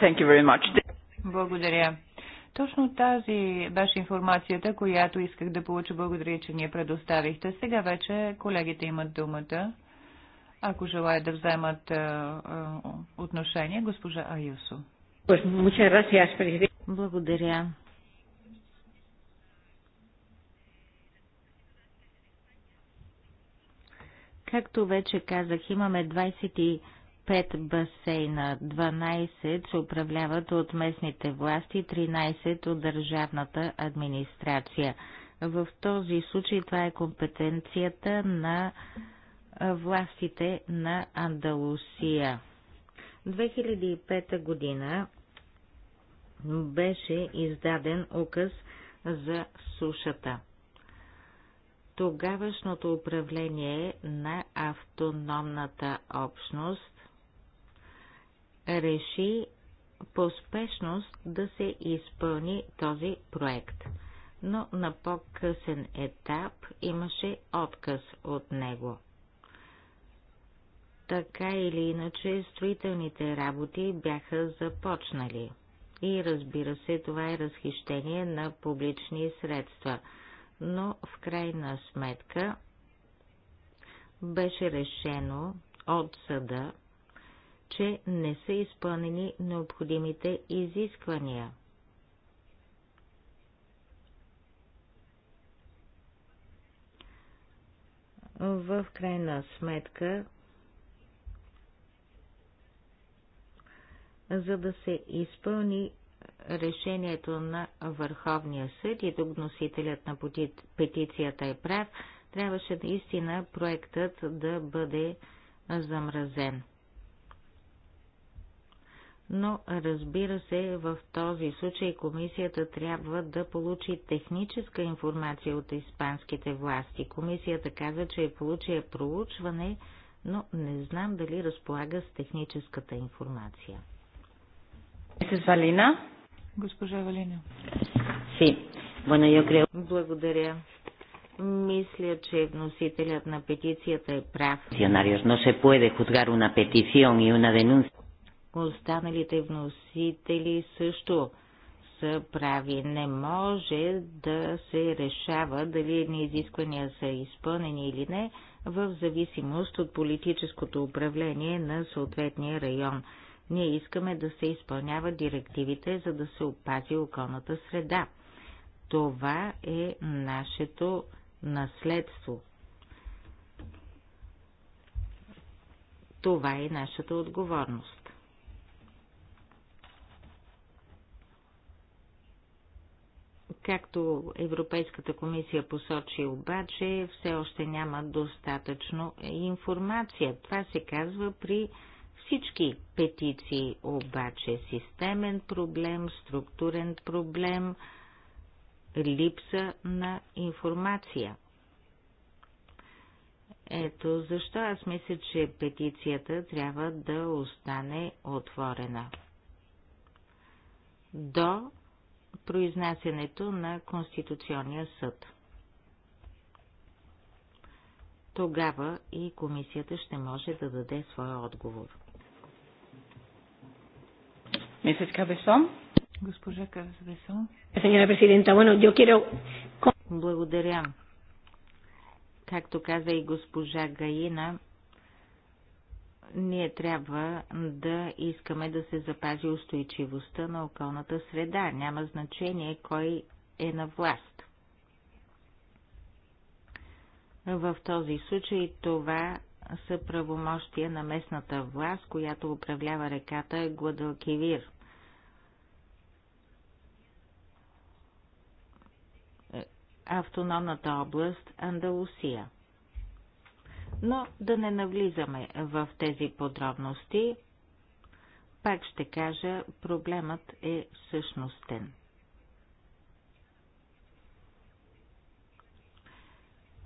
Thank you very much. Благодаря. Точно тази беше информацията, която исках да получа. Благодаря, че ни я предоставихте. Сега вече колегите имат думата ако желая да вземат е, е, отношение, госпожа Аюсо. Благодаря. Както вече казах, имаме 25 басейна, 12 се управляват от местните власти, 13 от държавната администрация. В този случай това е компетенцията на властите на Андалусия. 2005 година беше издаден указ за сушата. Тогавашното управление на автономната общност реши по спешност да се изпълни този проект, но на по-късен етап имаше отказ от него. Така или иначе, строителните работи бяха започнали. И разбира се, това е разхищение на публични средства. Но в крайна сметка беше решено от съда, че не са изпълнени необходимите изисквания. В крайна сметка за да се изпълни решението на Върховния съд и тук носителят на петицията е прав, трябваше наистина проектът да бъде замразен. Но разбира се, в този случай комисията трябва да получи техническа информация от испанските власти. Комисията каза, че е получила проучване, но не знам дали разполага с техническата информация. Валина. Госпожа Валина. Си. Благодаря. Мисля, че вносителят на петицията е прав. Но се puede juzgar una petición y una denuncia. Останалите вносители също са прави. Не може да се решава дали едни изисквания са изпълнени или не, в зависимост от политическото управление на съответния район. Ние искаме да се изпълняват директивите, за да се опази околната среда. Това е нашето наследство. Това е нашата отговорност. Както Европейската комисия посочи обаче, все още няма достатъчно информация. Това се казва при всички петиции, обаче системен проблем, структурен проблем, липса на информация. Ето защо аз мисля, че петицията трябва да остане отворена. До произнасянето на Конституционния съд. Тогава и комисията ще може да даде своя отговор. Mrs. Cabezón. Госпожа Кабесон. Señora Presidenta, bueno, yo quiero... Благодаря. Както каза и госпожа Гаина, ние трябва да искаме да се запази устойчивостта на околната среда. Няма значение кой е на власт. В този случай това са правомощия на местната власт, която управлява реката Гладалкивир. Автономната област Андалусия. Но да не навлизаме в тези подробности. Пак ще кажа, проблемът е същностен.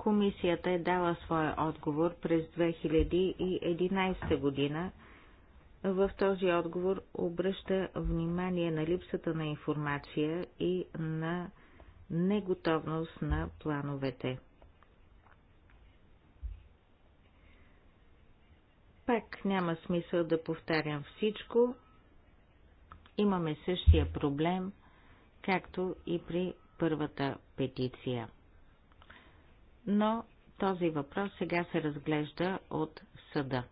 Комисията е дала своя отговор през 2011 година. В този отговор обръща внимание на липсата на информация и на неготовност на плановете. Пак няма смисъл да повтарям всичко. Имаме същия проблем, както и при първата петиция – но този въпрос сега се разглежда от съда.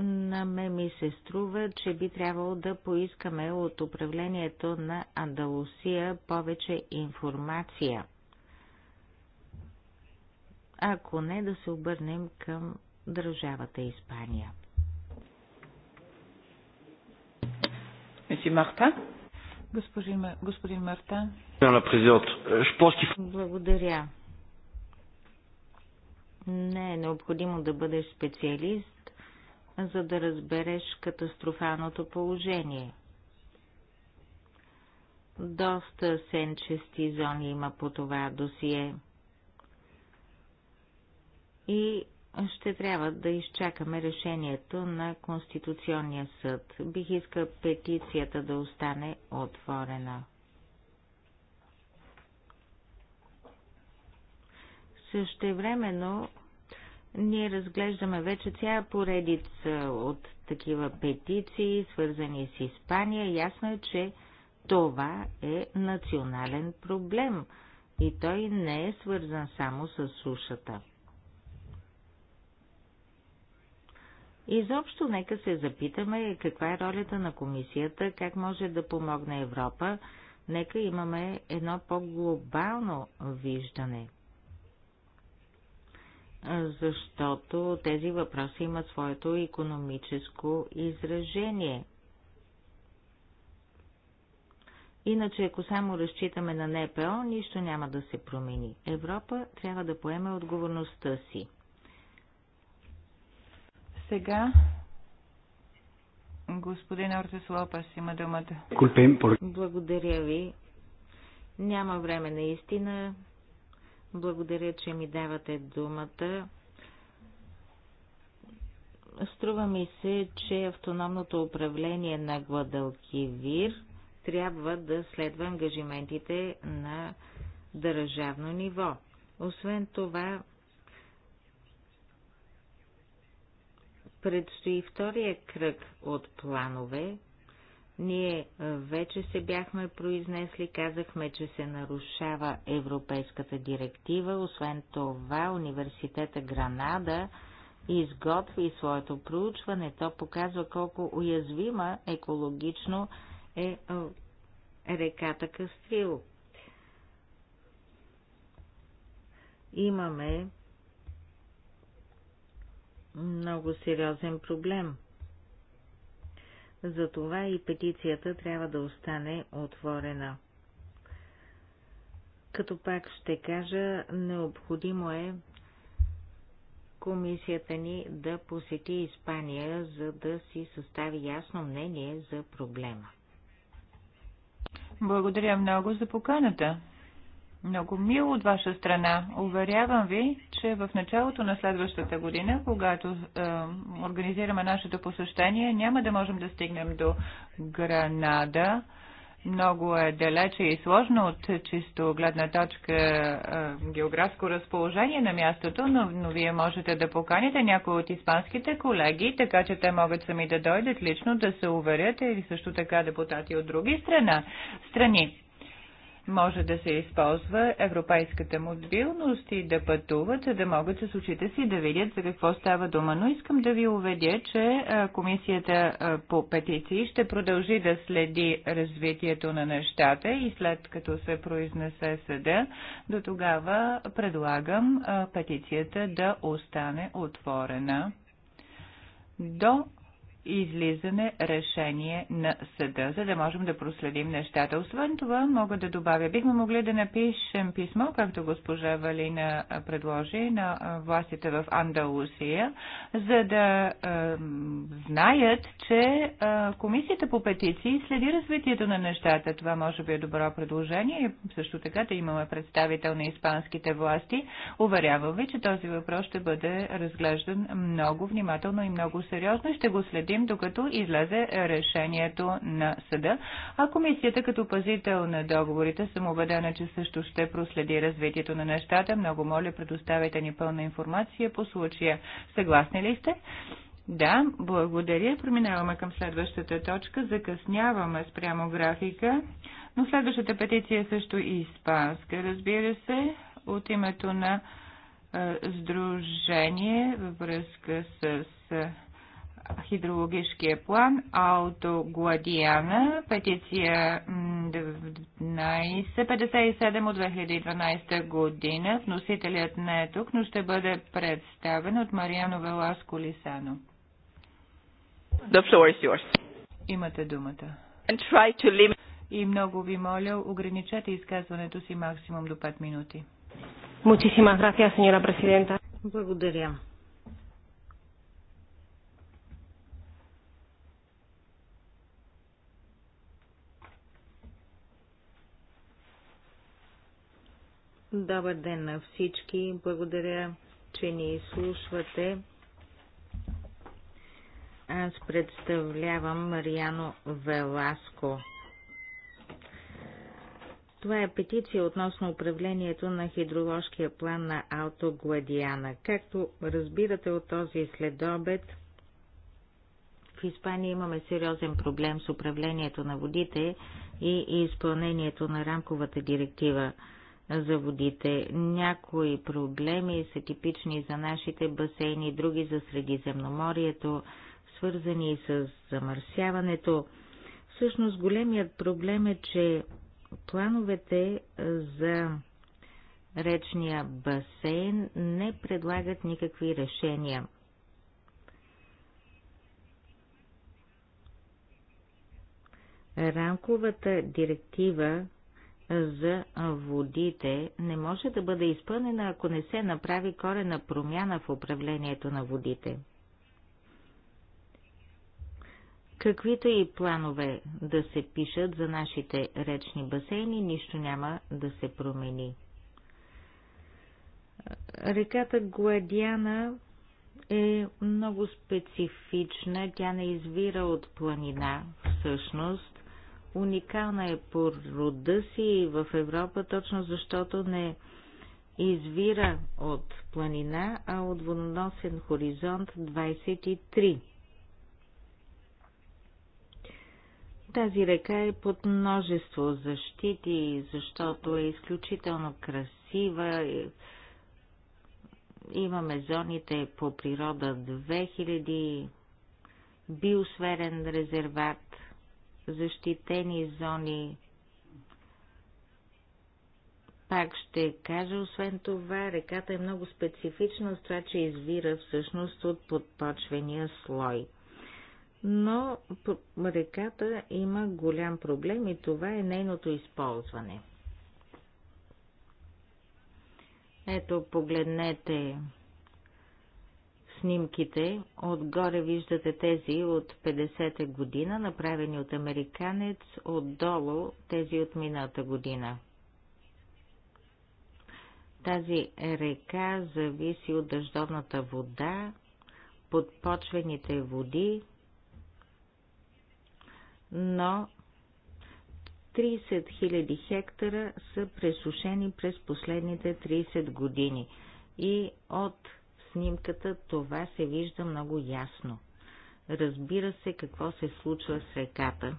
На ме ми се струва, че би трябвало да поискаме от управлението на Андалусия повече информация. Ако не, да се обърнем към държавата Испания. Меси Марта? Господин, Мартан. Е, Благодаря. Не е необходимо да бъдеш специалист, за да разбереш катастрофалното положение. Доста сенчести зони има по това досие. И ще трябва да изчакаме решението на Конституционния съд. Бих искал петицията да остане отворена. Същевременно ние разглеждаме вече цяла поредица от такива петиции, свързани с Испания. Ясно е, че това е национален проблем и той не е свързан само с сушата. Изобщо нека се запитаме каква е ролята на комисията, как може да помогне Европа, нека имаме едно по-глобално виждане. Защото тези въпроси имат своето економическо изражение. Иначе, ако само разчитаме на НПО, нищо няма да се промени. Европа трябва да поеме отговорността си. Сега господин Ортес Лопес има думата. Благодаря ви. Няма време наистина. Благодаря, че ми давате думата. Струва ми се, че автономното управление на Гладалкивир трябва да следва ангажиментите на държавно ниво. Освен това, Предстои втория кръг от планове. Ние вече се бяхме произнесли, казахме, че се нарушава Европейската директива. Освен това, университета Гранада изготви своето проучване. То показва колко уязвима екологично е, е реката Кастрил. Имаме много сериозен проблем. Затова и петицията трябва да остане отворена. Като пак ще кажа, необходимо е комисията ни да посети Испания, за да си състави ясно мнение за проблема. Благодаря много за поканата. Много мило от ваша страна. Уверявам ви, че в началото на следващата година, когато е, организираме нашето посещение, няма да можем да стигнем до Гранада. Много е далече и сложно от чисто гледна точка е, географско разположение на мястото, но, но вие можете да поканите някои от испанските колеги, така че те могат сами да дойдат лично да се уверят или също така депутати от други страна, страни може да се използва европейската мобилност и да пътуват, за да могат с очите си да видят за какво става дума. Но искам да ви уведя, че комисията по петиции ще продължи да следи развитието на нещата и след като се произнесе съда, до тогава предлагам петицията да остане отворена до излизане решение на съда, за да можем да проследим нещата. Освен това, мога да добавя, бихме могли да напишем писмо, както госпожа Валина предложи, на властите в Андалусия, за да е, знаят, че е, комисията по петиции следи развитието на нещата. Това може би е добро предложение и също така да имаме представител на испанските власти. Уверявам ви, че този въпрос ще бъде разглеждан много внимателно и много сериозно и ще го следим продължим, докато излезе решението на съда. А комисията като пазител на договорите съм убедена, че също ще проследи развитието на нещата. Много моля, предоставяйте ни пълна информация по случая. Съгласни ли сте? Да, благодаря. Преминаваме към следващата точка. Закъсняваме спрямо графика, но следващата петиция е също и испанска, разбира се, от името на е, Сдружение във връзка с е, Хидрологическия план Алто Гладиана, петиция 1957 от 2012 година. Вносителят не е тук, но ще бъде представен от Мариано Веласко Лисано. The floor is yours. Имате думата. And try to limit... И много ви моля, ограничете изказването си максимум до 5 минути. Muchísimas gracias, señora presidenta. Благодаря. Добър ден на всички. Благодаря, че ни изслушвате. Аз представлявам Мариано Веласко. Това е петиция относно управлението на хидроложкия план на Алто Гладиана. Както разбирате от този следобед, в Испания имаме сериозен проблем с управлението на водите и изпълнението на рамковата директива – за водите. Някои проблеми са типични за нашите басейни, други за Средиземноморието, свързани с замърсяването. Всъщност големият проблем е, че плановете за речния басейн не предлагат никакви решения. Рамковата директива за водите не може да бъде изпълнена, ако не се направи корена промяна в управлението на водите. Каквито и планове да се пишат за нашите речни басейни, нищо няма да се промени. Реката Гладиана е много специфична, тя не извира от планина, всъщност Уникална е по рода си в Европа, точно защото не извира от планина, а от водоносен хоризонт 23. Тази река е под множество защити, защото е изключително красива. Имаме зоните по природа 2000, биосферен резерват – защитени зони. Пак ще кажа, освен това, реката е много специфична с това, че извира всъщност от подпочвения слой. Но реката има голям проблем и това е нейното използване. Ето, погледнете снимките. Отгоре виждате тези от 50 те година, направени от американец, отдолу тези от миналата година. Тази река зависи от дъждовната вода, подпочвените води, но 30 000 хектара са пресушени през последните 30 години и от снимката това се вижда много ясно. Разбира се какво се случва с реката.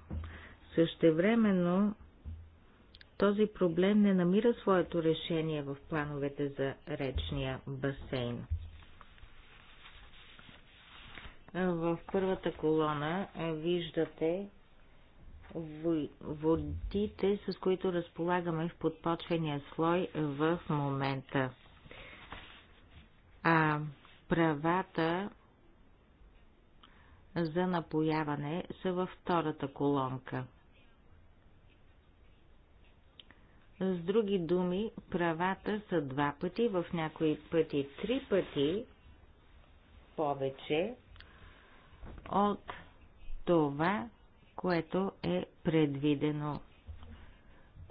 Същевременно този проблем не намира своето решение в плановете за речния басейн. В първата колона виждате водите, с които разполагаме в подпочвения слой в момента. А правата за напояване са във втората колонка. С други думи, правата са два пъти, в някои пъти три пъти повече от това, което е предвидено.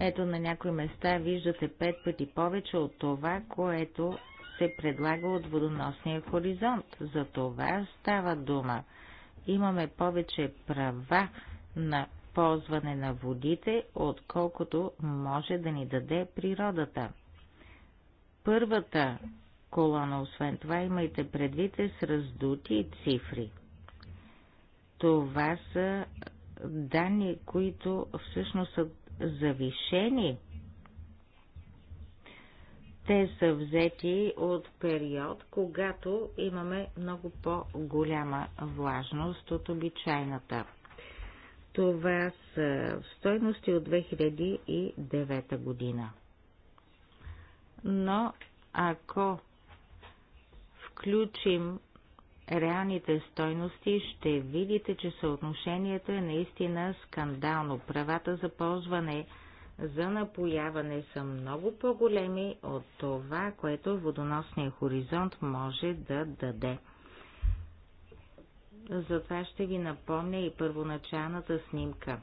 Ето на някои места виждате пет пъти повече от това, което се предлага от водоносния хоризонт. За това става дума. Имаме повече права на ползване на водите, отколкото може да ни даде природата. Първата колона, освен това, имайте предвид е с раздути цифри. Това са данни, които всъщност са завишени те са взети от период, когато имаме много по-голяма влажност от обичайната. Това са стойности от 2009 година. Но ако включим реалните стойности, ще видите, че съотношението е наистина скандално. Правата за ползване за напояване са много по-големи от това, което водоносния хоризонт може да даде. Затова ще ви напомня и първоначалната снимка.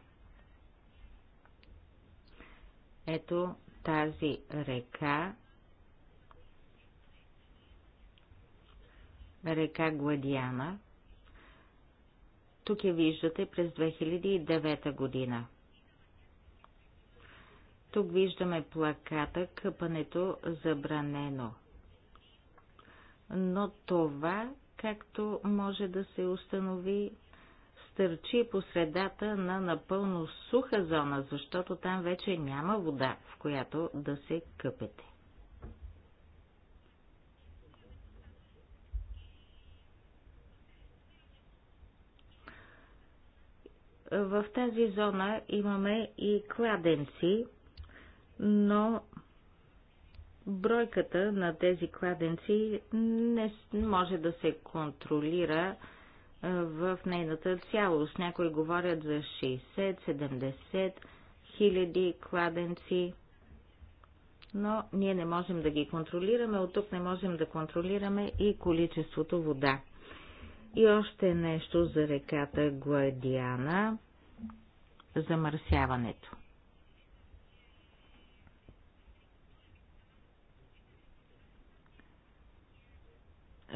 Ето тази река, река Гладиана. Тук я виждате през 2009 година. Тук виждаме плаката Къпането забранено. Но това, както може да се установи, стърчи по средата на напълно суха зона, защото там вече няма вода, в която да се къпете. В тази зона имаме и кладенци, но бройката на тези кладенци не може да се контролира в нейната цялост. Някои говорят за 60-70 хиляди кладенци, но ние не можем да ги контролираме, от тук не можем да контролираме и количеството вода. И още нещо за реката Гладиана – замърсяването.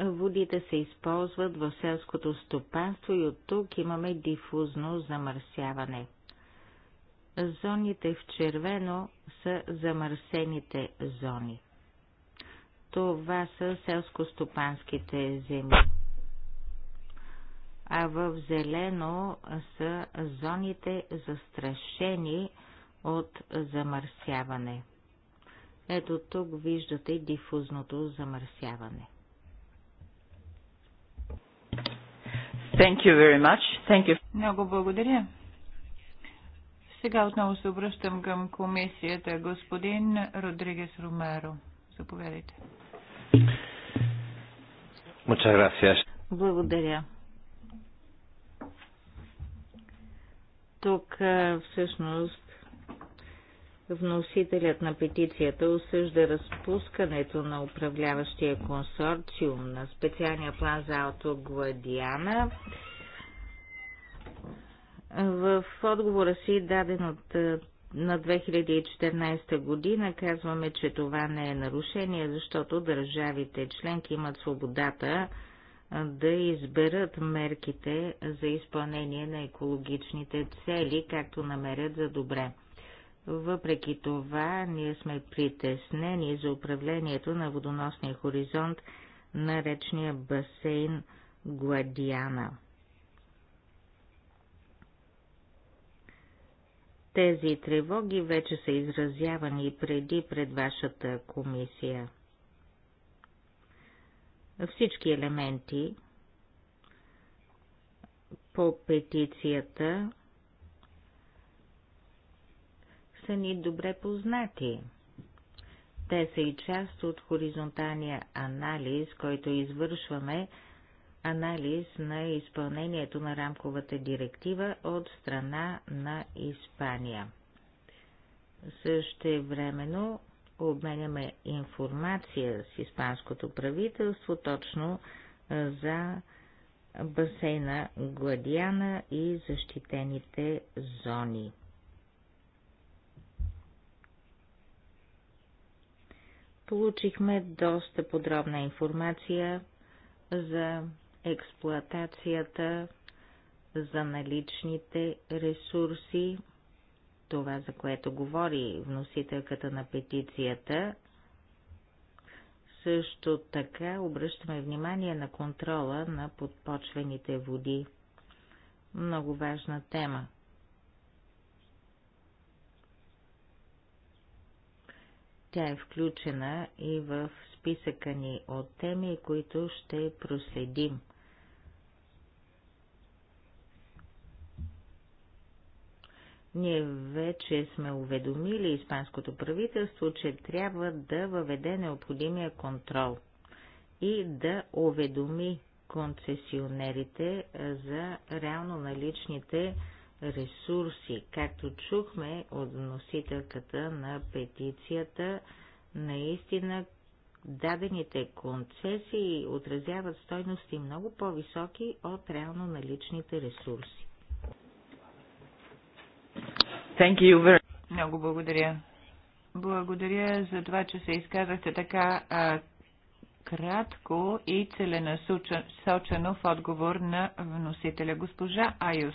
Водите се използват в селското стопанство и от тук имаме дифузно замърсяване. Зоните в червено са замърсените зони. Това са селско-стопанските земи. А в зелено са зоните застрашени от замърсяване. Ето тук виждате дифузното замърсяване. Thank you very much. Thank you. Много благодаря. Сега отново се обръщам към комисията. Господин Родригес Ромеро, заповядайте. Muchas gracias. Благодаря. Тук всъщност Вносителят на петицията осъжда разпускането на управляващия консорциум на специалния план за Алто Гладиана. В отговора си, даден от, на 2014 година, казваме, че това не е нарушение, защото държавите членки имат свободата да изберат мерките за изпълнение на екологичните цели, както намерят за добре. Въпреки това, ние сме притеснени за управлението на водоносния хоризонт на речния басейн Гладиана. Тези тревоги вече са изразявани и преди пред вашата комисия. Всички елементи по петицията са ни добре познати. Те са и част от хоризонталния анализ, който извършваме, анализ на изпълнението на рамковата директива от страна на Испания. Също времено обменяме информация с испанското правителство точно за басейна Гладиана и защитените зони. Получихме доста подробна информация за експлоатацията, за наличните ресурси, това за което говори вносителката на петицията. Също така обръщаме внимание на контрола на подпочвените води. Много важна тема – Тя е включена и в списъка ни от теми, които ще проследим. Ние вече сме уведомили испанското правителство, че трябва да въведе необходимия контрол и да уведоми концесионерите за реално наличните ресурси. Както чухме от носителката на петицията, наистина дадените концесии отразяват стойности много по-високи от реално наличните ресурси. Thank you very... Много благодаря. Благодаря за това, че се изказахте така а, кратко и целенасочено в отговор на вносителя госпожа Айос.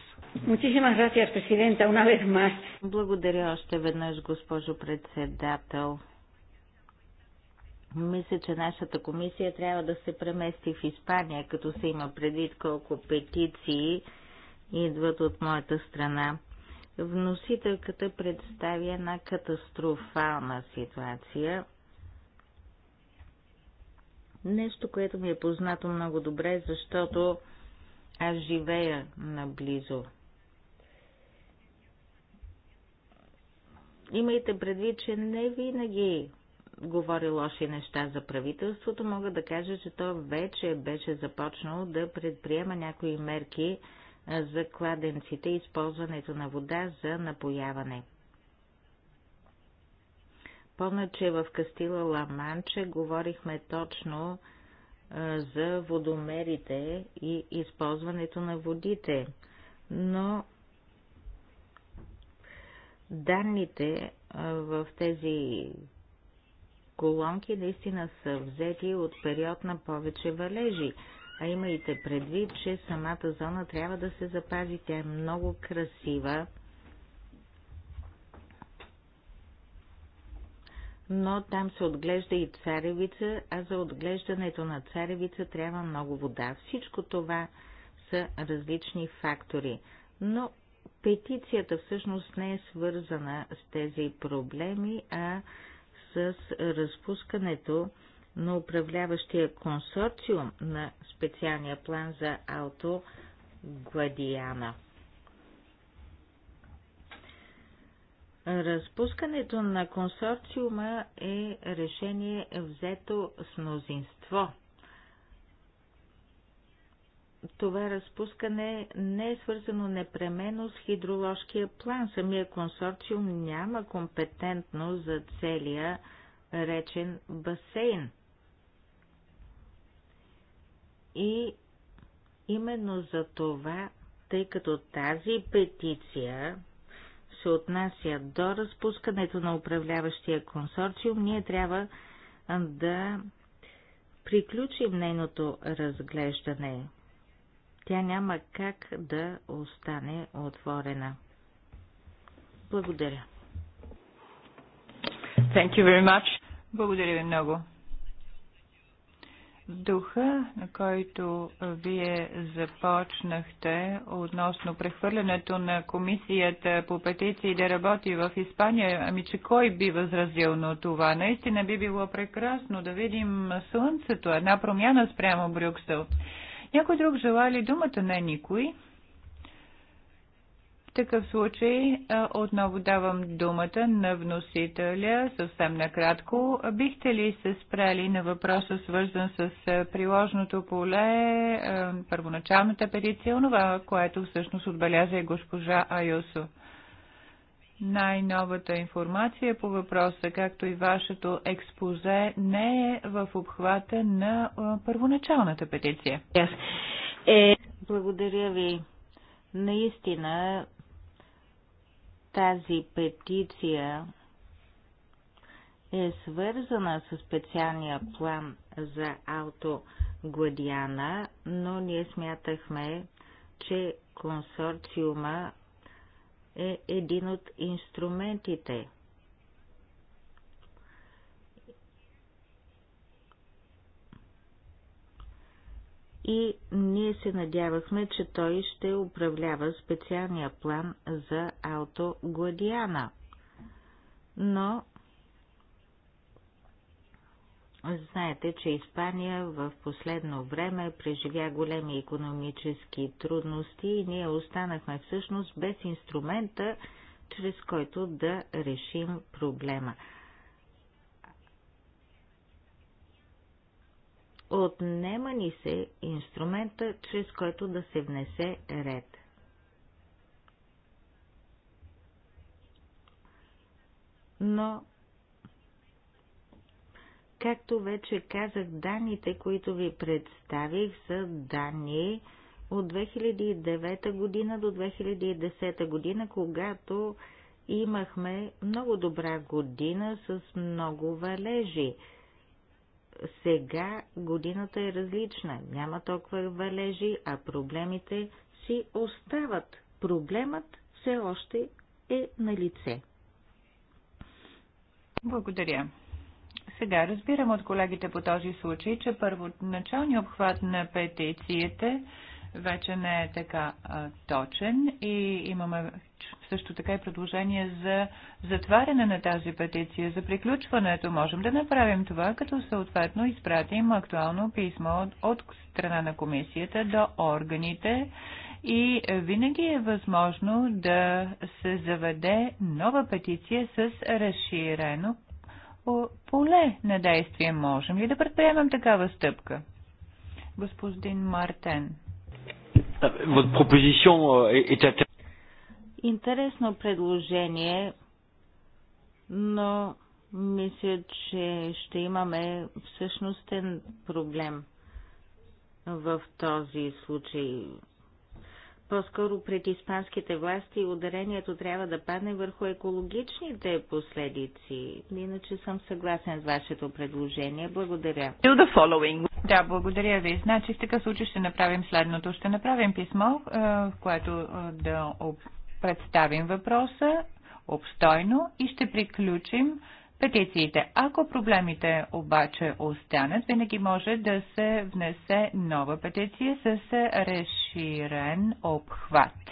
Благодаря още веднъж, госпожо председател. Мисля, че нашата комисия трябва да се премести в Испания, като се има предвид колко петиции идват от моята страна. Вносителката представи една катастрофална ситуация Нещо, което ми е познато много добре, защото аз живея наблизо. Имайте предвид, че не винаги говори лоши неща за правителството, мога да кажа, че то вече беше започнало да предприема някои мерки за кладенците и използването на вода за напояване. Помня, че в Кастила Ламанче говорихме точно за водомерите и използването на водите, но данните в тези колонки наистина са взети от период на повече валежи, а имайте предвид, че самата зона трябва да се запази. Тя е много красива но там се отглежда и царевица, а за отглеждането на царевица трябва много вода. Всичко това са различни фактори, но петицията всъщност не е свързана с тези проблеми, а с разпускането на управляващия консорциум на специалния план за Алто Гладиана. Разпускането на консорциума е решение взето с мнозинство. Това разпускане не е свързано непременно с хидроложкия план. Самия консорциум няма компетентност за целия речен басейн. И именно за това, тъй като тази петиция се отнася до разпускането на управляващия консорциум, ние трябва да приключим нейното разглеждане. Тя няма как да остане отворена. Благодаря. Thank you very much. Благодаря ви много духа, на който вие започнахте относно прехвърлянето на комисията по петиции да работи в Испания, ами че кой би възразил на това? Наистина би било прекрасно да видим слънцето, една промяна спрямо Брюксел. Някой друг желали думата? Не никой такъв случай отново давам думата на вносителя съвсем накратко. Бихте ли се спрели на въпроса, свързан с приложното поле, първоначалната петиция, онова, което всъщност отбеляза и госпожа Айосо? Най-новата информация по въпроса, както и вашето експозе, не е в обхвата на първоначалната петиция. Е, благодаря ви. Наистина тази петиция е свързана с специалния план за Алто Гладиана, но ние смятахме, че консорциума е един от инструментите – и ние се надявахме, че той ще управлява специалния план за Алто Гладиана. Но знаете, че Испания в последно време преживя големи економически трудности и ние останахме всъщност без инструмента, чрез който да решим проблема. Отнема ни се инструмента, чрез който да се внесе ред. Но, както вече казах, данните, които ви представих, са данни от 2009 година до 2010 година, когато имахме много добра година с много валежи сега годината е различна, няма толкова валежи, а проблемите си остават. Проблемът все още е на лице. Благодаря. Сега разбирам от колегите по този случай, че първоначалният обхват на петицията вече не е така а, точен и имаме също така и предложение за затваряне на тази петиция, за приключването. Можем да направим това, като съответно изпратим актуално писмо от, от страна на комисията до органите и винаги е възможно да се заведе нова петиция с разширено поле на действие. Можем ли да предприемем такава стъпка? Господин Мартен. Votre proposition euh, est Интересно предложение, но мисля, че ще имаме всъщностен проблем в този случай. По-скоро пред испанските власти ударението трябва да падне върху екологичните последици. Иначе съм съгласен с вашето предложение. Благодаря. Да, благодаря ви. Значи в такъв случай ще направим следното. Ще направим писмо, е, в което е, да представим въпроса обстойно и ще приключим петициите. Ако проблемите обаче останат, винаги може да се внесе нова петиция с разширен обхват.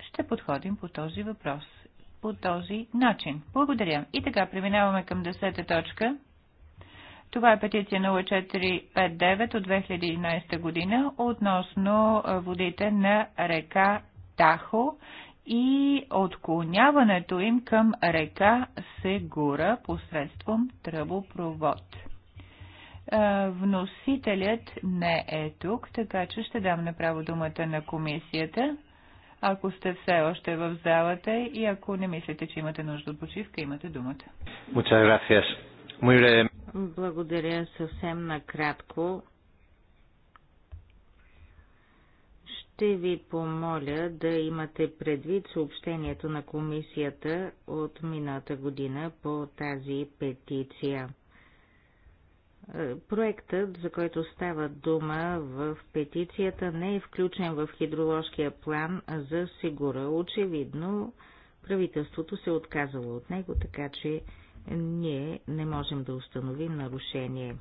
Ще подходим по този въпрос, по този начин. Благодаря. И така преминаваме към 10 точка. Това е петиция 0459 от 2011 година относно водите на река Тахо и отклоняването им към река Сегура посредством тръбопровод. Вносителят не е тук, така че ще дам направо думата на комисията. Ако сте все още в залата и ако не мислите, че имате нужда от почивка, имате думата. Muchas gracias. Благодаря съвсем накратко. ще ви помоля да имате предвид съобщението на комисията от мината година по тази петиция. Е, проектът, за който става дума в петицията, не е включен в хидроложкия план за Сигура. Очевидно, правителството се отказало от него, така че ние не можем да установим нарушение.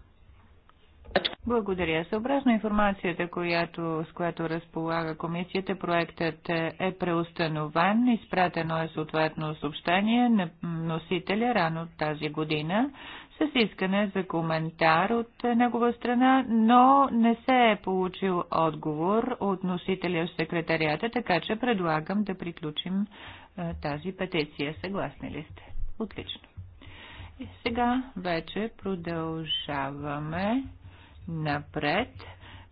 Благодаря. Съобразно информацията, която, с която разполага комисията, проектът е преустановен. Изпратено е съответно съобщение на носителя рано тази година с искане за коментар от негова страна, но не се е получил отговор от носителя в секретарията, така че предлагам да приключим тази петиция. Съгласни ли сте? Отлично. И сега вече продължаваме напред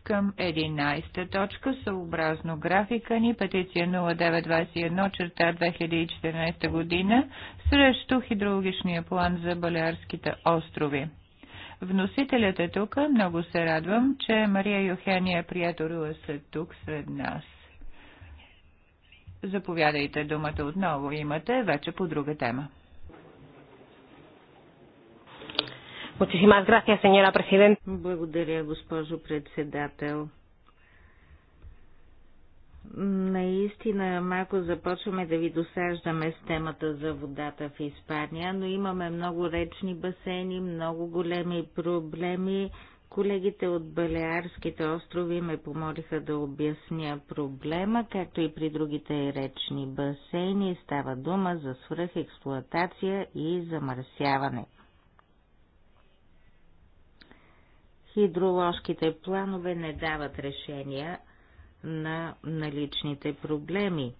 към 11 точка, съобразно графика ни, петиция 0921 черта 2014 година срещу хидрологичния план за Балеарските острови. Вносителят е тук. Много се радвам, че Мария Йохения Прияторула е тук сред нас. Заповядайте думата отново. Имате вече по друга тема. Muchísimas gracias, señora presidenta. Благодаря, госпожо председател. Наистина малко започваме да ви досаждаме с темата за водата в Испания, но имаме много речни басейни, много големи проблеми. Колегите от Балеарските острови ме помолиха да обясня проблема, както и при другите речни басейни става дума за свръхексплуатация и замърсяване. хидроложките планове не дават решения на наличните проблеми.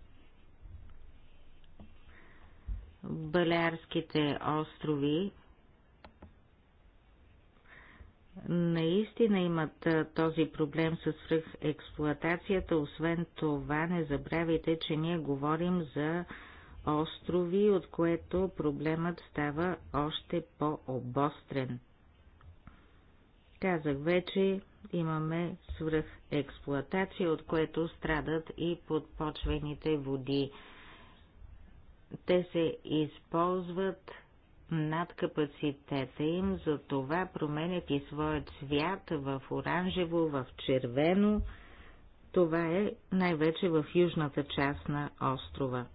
Балярските острови наистина имат този проблем с свръхексплуатацията. Освен това, не забравяйте, че ние говорим за острови, от което проблемът става още по-обострен. Казах вече, имаме свръх експлуатация, от което страдат и подпочвените води. Те се използват над капацитета им, затова променят и своят свят в оранжево, в червено. Това е най-вече в южната част на острова.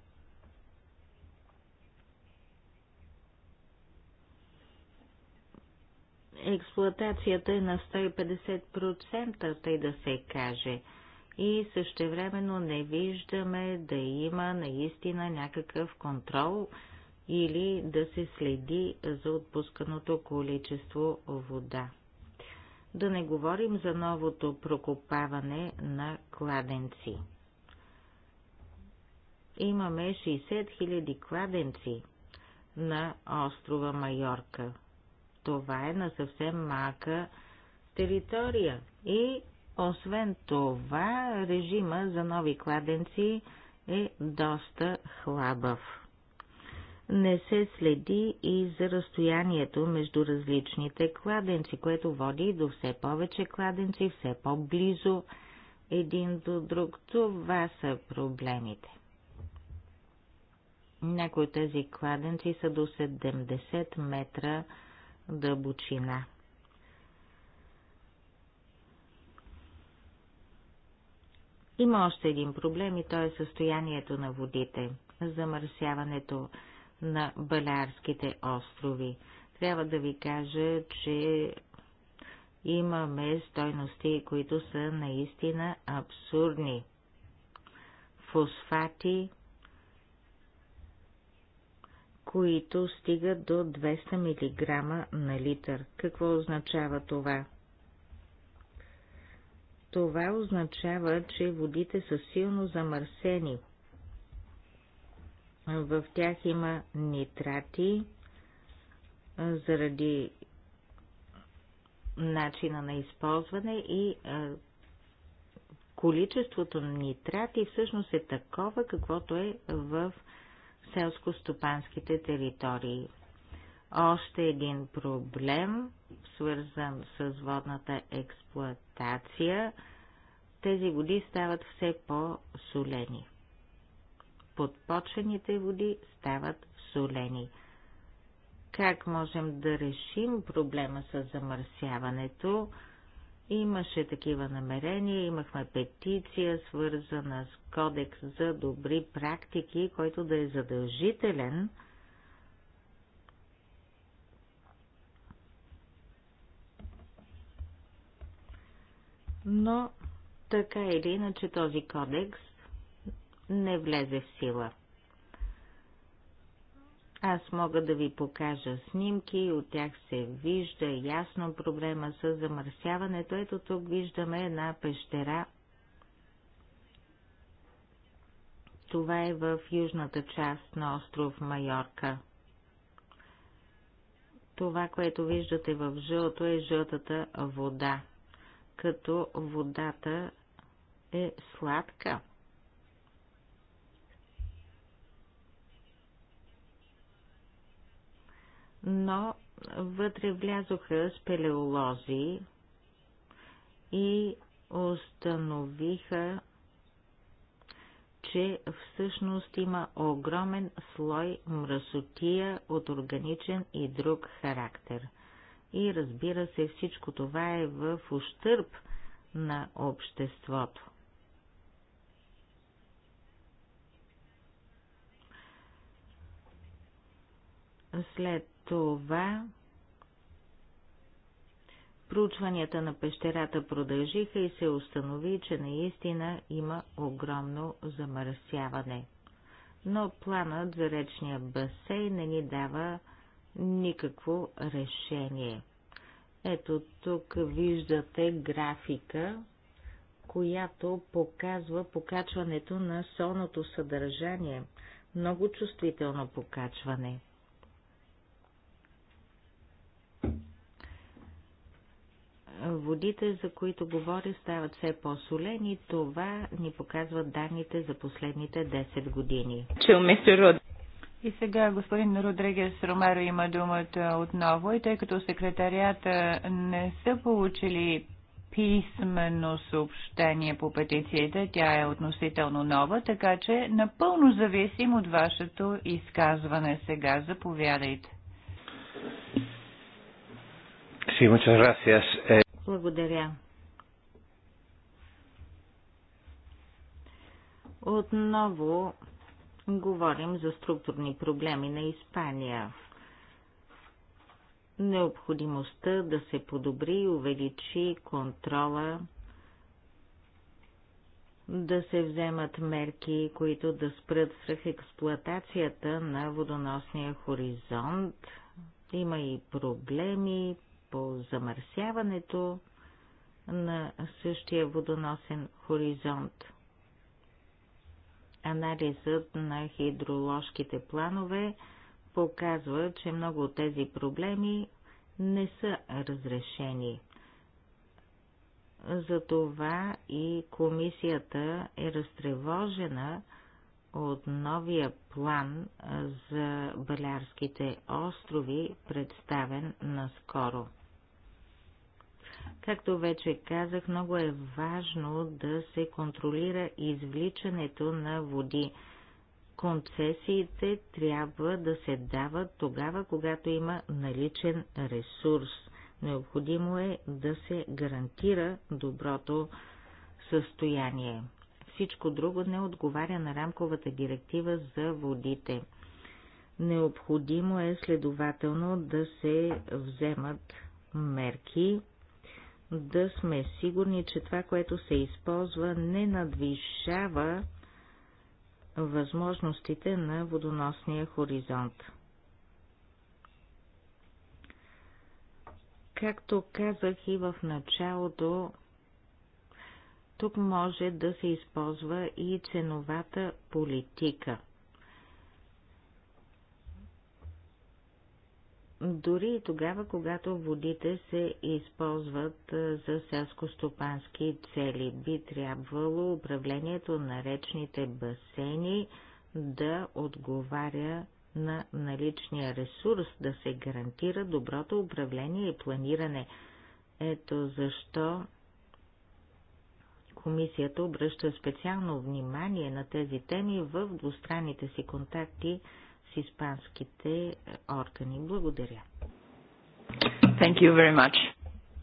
експлуатацията е на 150%, тъй да се каже. И същевременно не виждаме да има наистина някакъв контрол или да се следи за отпусканото количество вода. Да не говорим за новото прокопаване на кладенци. Имаме 60 000 кладенци на острова Майорка това е на съвсем малка територия. И освен това, режима за нови кладенци е доста хлабав. Не се следи и за разстоянието между различните кладенци, което води до все повече кладенци, все по-близо един до друг. Това са проблемите. Някои от тези кладенци са до 70 метра дълбочина. Има още един проблем и то е състоянието на водите, замърсяването на Балярските острови. Трябва да ви кажа, че имаме стойности, които са наистина абсурдни. Фосфати, които стигат до 200 мг на литър. Какво означава това? Това означава, че водите са силно замърсени. В тях има нитрати заради начина на използване и количеството на нитрати всъщност е такова, каквото е в селско-стопанските територии. Още един проблем, свързан с водната експлоатация, тези води стават все по-солени. Подпочвените води стават солени. Как можем да решим проблема с замърсяването? Имаше такива намерения, имахме петиция, свързана с кодекс за добри практики, който да е задължителен. Но така или иначе този кодекс не влезе в сила. Аз мога да ви покажа снимки, от тях се вижда ясно проблема с замърсяването. Ето тук виждаме една пещера. Това е в южната част на остров Майорка. Това, което виждате в жълто е жълтата вода, като водата е сладка. но вътре влязоха спелеолози и установиха, че всъщност има огромен слой мръсотия от органичен и друг характер. И разбира се, всичко това е в ущърп на обществото. След това проучванията на пещерата продължиха и се установи, че наистина има огромно замърсяване. Но планът за речния басейн не ни дава никакво решение. Ето тук виждате графика, която показва покачването на солното съдържание. Много чувствително покачване – водите, за които говоря, стават все по-солени. Това ни показват данните за последните 10 години. И сега господин Родригес Ромеро има думата отново и тъй като секретарията не са получили писмено съобщение по петицията, тя е относително нова, така че напълно зависим от вашето изказване сега. Заповядайте. Sí, muchas gracias. Eh, благодаря. Отново говорим за структурни проблеми на Испания. Необходимостта да се подобри и увеличи контрола, да се вземат мерки, които да спрат свръх експлуатацията на водоносния хоризонт. Има и проблеми по замърсяването на същия водоносен хоризонт. Анализът на хидроложките планове показва, че много от тези проблеми не са разрешени. Затова и комисията е разтревожена от новия план за Балярските острови, представен наскоро. Както вече казах, много е важно да се контролира извличането на води. Концесиите трябва да се дават тогава, когато има наличен ресурс. Необходимо е да се гарантира доброто състояние. Всичко друго не отговаря на рамковата директива за водите. Необходимо е следователно да се вземат мерки да сме сигурни, че това, което се използва, не надвишава възможностите на водоносния хоризонт. Както казах и в началото, тук може да се използва и ценовата политика – дори и тогава, когато водите се използват за селско-стопански цели. Би трябвало управлението на речните басейни да отговаря на наличния ресурс, да се гарантира доброто управление и планиране. Ето защо комисията обръща специално внимание на тези теми в двустранните си контакти с испанските е, органи. Благодаря. Thank you very much.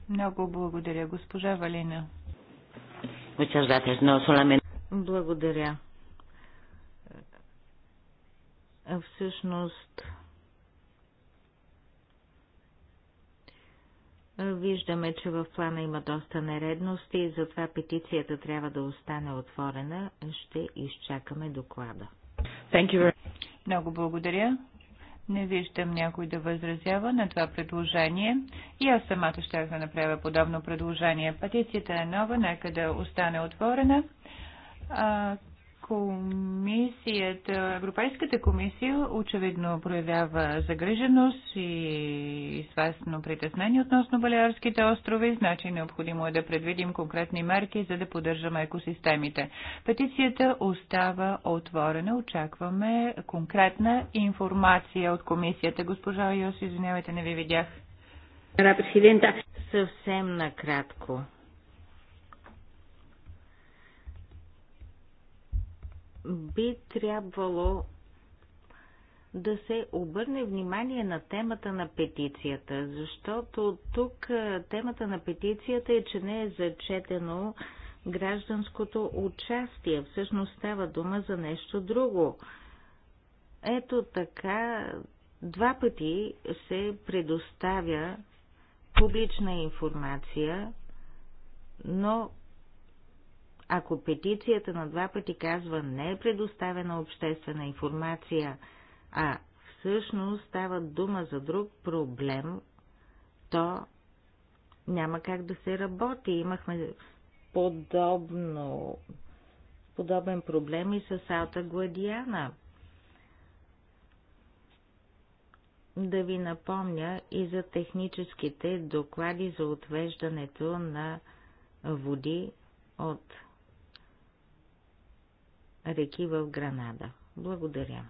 Много благодаря, госпожа Валина. Благодаря. Всъщност, Виждаме, че в плана има доста нередности и затова петицията трябва да остане отворена. Ще изчакаме доклада. Thank you. Много благодаря. Не виждам някой да възразява на това предложение. И аз самата щях да направя подобно предложение. Петицията е нова, нека да остане отворена. А, Комисията, Европейската комисия очевидно проявява загриженост и известно притеснение относно Балиарските острови, значи необходимо е да предвидим конкретни мерки, за да поддържаме екосистемите. Петицията остава отворена, очакваме конкретна информация от комисията. Госпожа Йос, извинявайте, не ви видях. Съвсем накратко. би трябвало да се обърне внимание на темата на петицията, защото тук темата на петицията е, че не е зачетено гражданското участие. Всъщност става дума за нещо друго. Ето така, два пъти се предоставя публична информация, но ако петицията на два пъти казва не е предоставена обществена информация, а всъщност става дума за друг проблем, то няма как да се работи. Имахме подобно, подобен проблем и с Алта Гладиана. Да ви напомня и за техническите доклади за отвеждането на води от реки в Гранада. Благодаря.